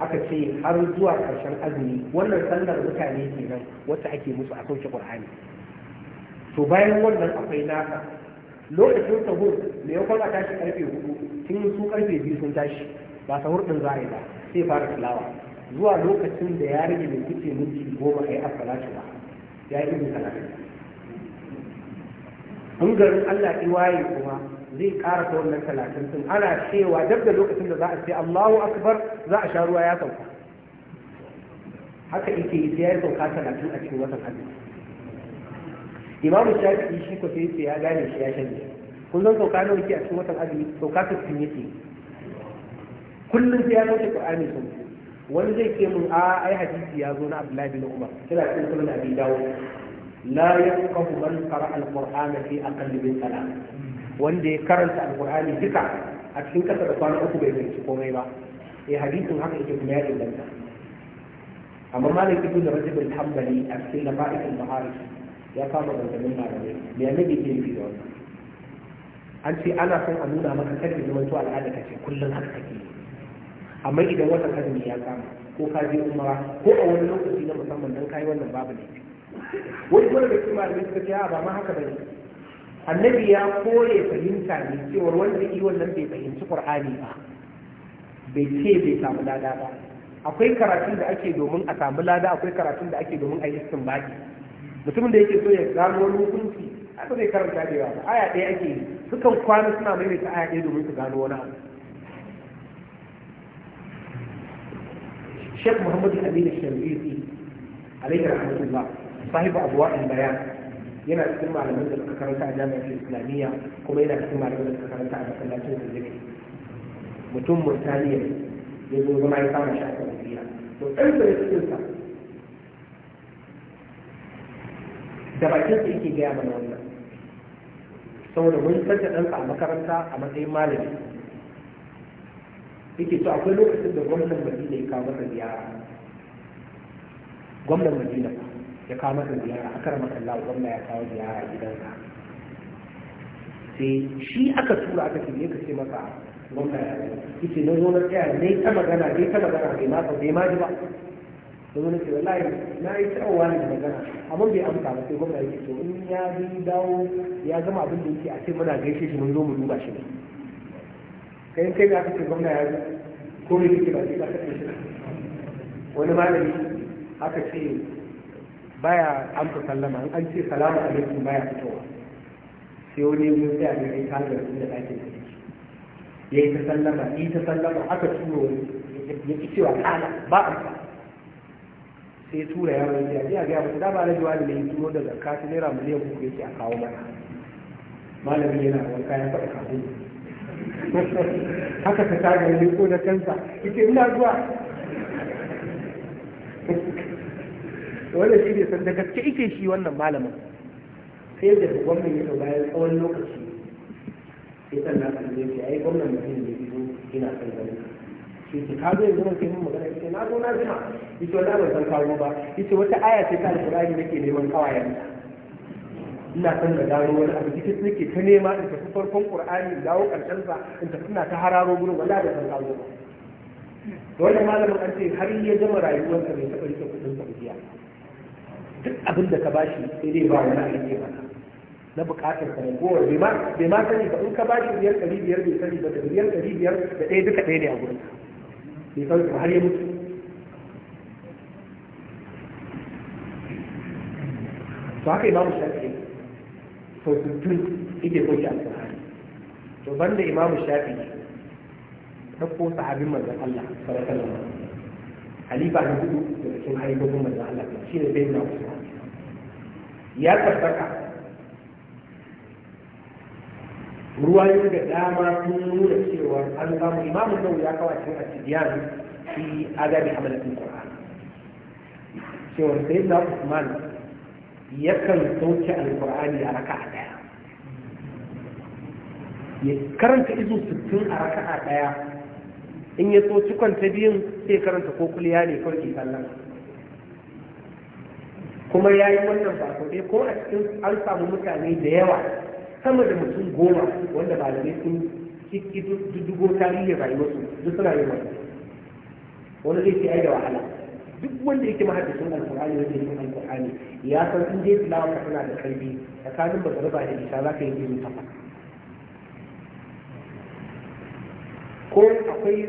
aka ce har zuwa ƙarshen azumi wannan sallar mutane kenan wacce ake musu a sauke ƙur'ani to bayan wannan akwai nasa lokacin sahur me ya a tashi karfe hudu sun su karfe biyu sun tashi ba sahur din za yi ba sai fara tilawa zuwa lokacin da ya rage mai kuce minti goma a yi afalatu ba ya yi izin talatin in garin allah iwaye kuma zai ƙara ta wannan talatin sun ana cewa duk da lokacin da za a ce allahu akbar za a sha ruwa ya sauka haka yake yi ya sauka talatin a cikin watan hadisi imam shafi'i shi ko sai ya gane shi ya shanye kun sauka nawa yake a cikin watan azumi sauka ta cikin yake kullum sai ya sauke qur'ani sun wani zai ce mun a ai hadisi ya zo na abdullahi bin umar kira cikin sunan abi dawo la yafqahu man qara'a al-qur'ana fi aqall min salat wanda ya karanta al duka a cikin kasa da kwana uku bai fahimci komai ba eh hadisin haka yake kuma ya inganta amma malik ibn rajab al-hanbali a cikin lafa'il al-bahari ya kama gangamin malamai me annabi ke nufi da wannan an ce ana son a nuna maka kake zaman to al'ada ka ce kullum haka kake amma idan wata azumi ya kama ko ka je umara ko a wani lokaci na musamman don kayi wannan babu ne wani kuma da cikin malamai suka ce ba ma haka ba ne. annabi ya kore fahimta ne cewar wanda yi wannan bai fahimci qur'ani ba bai ce bai samu lada ba akwai karatun da ake domin a samu lada akwai karatun da ake domin a yi istinbaki mutumin da yake so ya gano wani hukunci ai ba zai karanta da yawa ba aya ɗaya ake yi sukan kwana suna maimaita aya ɗaya domin su gano wani abu Sheikh Muhammadu Aminu Shamisi alaihi rahmatullah sahibu abuwa'in bayan yana cikin malamin da suka karanta a jami'ar islamiyya kuma yana cikin malamin da suka karanta a masallacin zirgin mutum murtaniya ya zo zama ya kama shi a saudiya to ɗan da ya cikinsa da bakin su yake gaya mana wannan saboda mun sanya ɗansa a makaranta a matsayin malami yake to akwai lokacin da gwamnan madina ya kawo masa ziyara gwamnan madina ya kawo masa ziyara a karamar Allah gwamna ya kawo ziyara a gidansa sai shi aka tura aka ce ka ce masa gwamna ya ce na zo na tsaya ne ta magana ne ta magana ma bai ma ji ba domin ce wallahi na yi tsawowa ne da magana amma bai amsa ba sai gwamna yake to in ya bi dawo ya zama abin da yake a ce muna gaishe shi mun zo mu duba shi ne kai kai da aka ce gwamna ya zo ko me yake ba sai ka kace shi wani malami aka ce baya amsa sallama in an ce salamu alaikum baya fitowa sai wani ya zo sai a ga ta da da ɗakin ya yi ta sallama yi ta sallama aka turo ya ki cewa ba amsa sai tura yaro ya ji a gaya masa dama na jiwa da mai turo da zakka naira miliyan uku yake a kawo mana malamin yana wanka ya faɗa kafin (laughs) haka ta taga ne ko na kansa ita ina zuwa (laughs) wannan shi ne san da gaske ike shi wannan malamin sai da gwamnan ya bayan tsawon lokaci sai sannan kan zai ce ai gwamnan mutum ne zo ina kan ganin yace ka zo yanzu kai mun magana yace na zo na jima yace wanda ban san kawo ba yace wata aya ce ta alqur'ani nake neman kawayen ina san da gano wani abu cikin nake ta nema in tafi farkon qur'ani in dawo karshen sa in tafi na ta hararo gurin wallahi ban san kawo ba wannan malamin an ce har ya jama rayuwarsa bai taɓa rike kudin sa biya duk abin da ka bashi sai dai ba wani aiki ba na bukatar ka ne kowa bai ma sani ba in ka bashi biyar ɗari biyar bai sani ba da biyar ɗari biyar da ɗaya duka ɗaya ne a gurin في farka har ya mutu to haka imamu shafi'i sau tuntun ike ɗauke alƙur'ani to banda imamu shafi'i ta ko sahabin manzon Allah sallallahu alaihi halifa na hudu da cikin halifofin manzon Allah ne bai na Usman ya tabbata ruwayoyi da dama sun nuna cewa an samu imamun nau ya kawo cikin asibiyan fi agabi hamalatin qur'an cewa sai da usman yakan sauke alqur'ani a raka a daya ya karanta izu sittin a raka a daya in ya so cikon ta biyun sai karanta ko kuliya ne kawai sallan kuma ya yi wannan ba ko a cikin an samu mutane da yawa sama da mutum goma wanda ba malamai sun dudugo tarihin rayuwarsu duk suna yi wani wani zai ce ai da wahala duk wanda yake mahaddisin alkur'ani wanda yake alkur'ani ya san in dai tilawa ka suna da karbi tsakanin zarba da isa za ka yi irin tafa ko akwai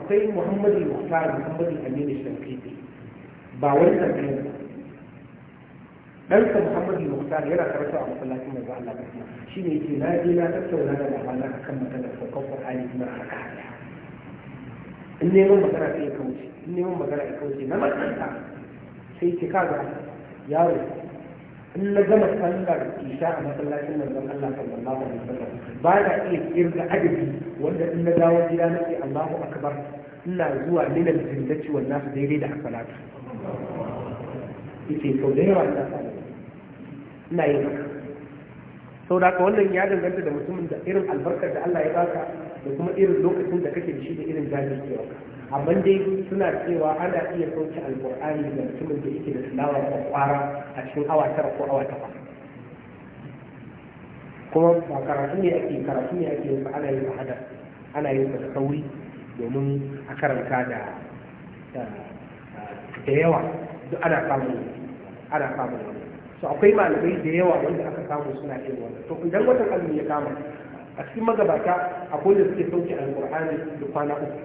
akwai muhammadu muhtar muhammadu aminu shafiqi ba wani tambayar ɗansa muhammadu muhtar yana karatu a masallacin zuwa Allah kasu shi ne ke na je na tattauna da mahala a kan maganar saukar Qur'ani kuma a haka haka in neman magana sai ya kauce in neman magana ya kauce na matsanta sai ki kaga yaro in na gama da isha a masallacin manzon Allah sallallahu alaihi sallam ba na iya kirga adabi wanda in na dawo gida nake Allahu akbar ina zuwa da jindati wannan daidai da asalatu yake sau da yawa ta ina yin sau da ka wannan ya danganta da mutumin da irin albarkar da Allah ya baka da kuma irin lokacin da kake da shi da irin jajircewa amma dai suna cewa ana iya sauke alkur'ani da mutumin da yake da tilawa da kwara a cikin awa tara ko awa takwas kuma ba karatu ne ake karatu ne ake yin ana yin hadar ana yin da sauri domin a karanta da da yawa duk ana samun ana samun wani to akwai malamai da yawa wanda aka samu suna yin wanda to idan watan azumi ya kama a cikin magabata akwai da suke sauke alqur'ani da kwana uku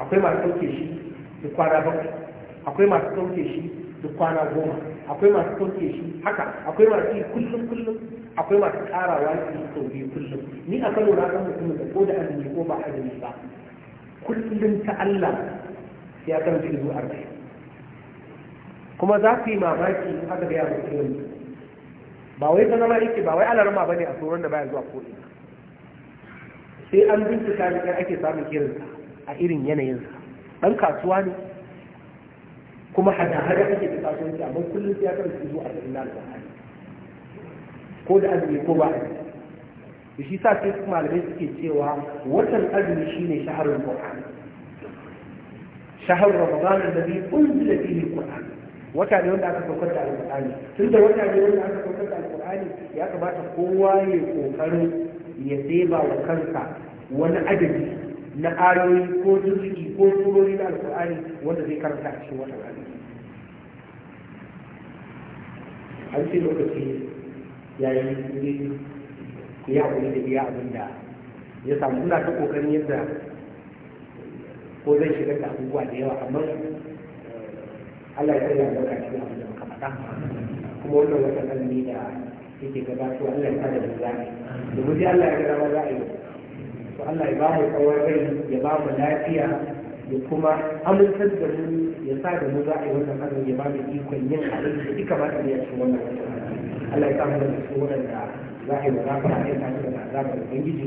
akwai masu sauke shi da kwana bakwai akwai masu sauke shi da kwana goma akwai masu sauke shi haka akwai masu yi kullum kullum akwai masu karawa su yi sau biyu kullum ni a kano na san mutum da ko da azumi ko ba azumi ba kullum ta Allah ya karanta izu arziki. kuma za ku yi mamaki aka gaya mutum ba wai ta zama yake ba wai alarma ba ne a tsoron da baya zuwa ko'ina sai an bincika ne kai ake samun irinsa a irin yanayinsa ɗan kasuwa ne kuma hada-hada ake da kasuwanci amma kullum sai ya karanta zuwa a cikin lalata ko da azumi ko ba azumi shi sa sai malamai suke cewa watan azumi shine shaharul qur'an shahrul ramadan alladhi unzila fihi alquran wata ne wanda aka saukar da alƙur'ani tun da wata ne wanda aka saukar da alƙur'ani ya kamata kowa ya kokarin ya wa kansa wani adadi na ayoyi ko jirgi ko turori na alƙur'ani wanda zai karanta a cikin wata rana. an ce lokaci yayin kuri ku yi da biya abin da ya samu ina ta ƙoƙarin yadda ko zai shiga da abubuwa da yawa amma Allah ya yi albarka cikin abin da muka faɗa kuma wannan wata kalmi da yake gabatu Allah ya kada da zaki domin dai Allah ya ga rawa za a yi to Allah ya ba mu tsawon rai ya ba mu lafiya ya kuma amintar da mu ya sa da mu za a yi wannan abin ya ba mu ikon yin abin da duka ba ta biya cikin wannan wata Allah ya kama da su waɗanda za a yi wa zafi a yin tashi da azabar Ubangiji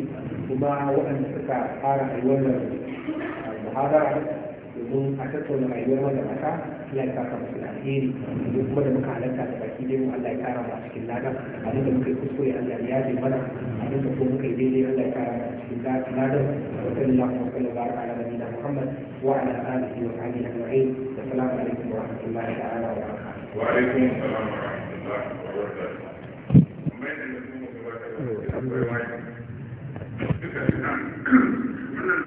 kuma waɗanda suka fara a yi wannan muhadara domin a tattauna rayuwar mata ya yi kasa masu alheri da kuma da muka halarta da baki dai mu Allah ya kara mu a cikin ladan abin da muka yi kuskure Allah ya yaje mana abin da kuma muka yi daidai Allah ya kara mu a cikin ladan wa sallallahu wa sallam kuma ala nabiyina Muhammad wa ala alihi wa sahbihi ajma'in assalamu alaikum wa rahmatullahi ta'ala wa barakatuh wa alaikum assalam wa rahmatullahi wa barakatuh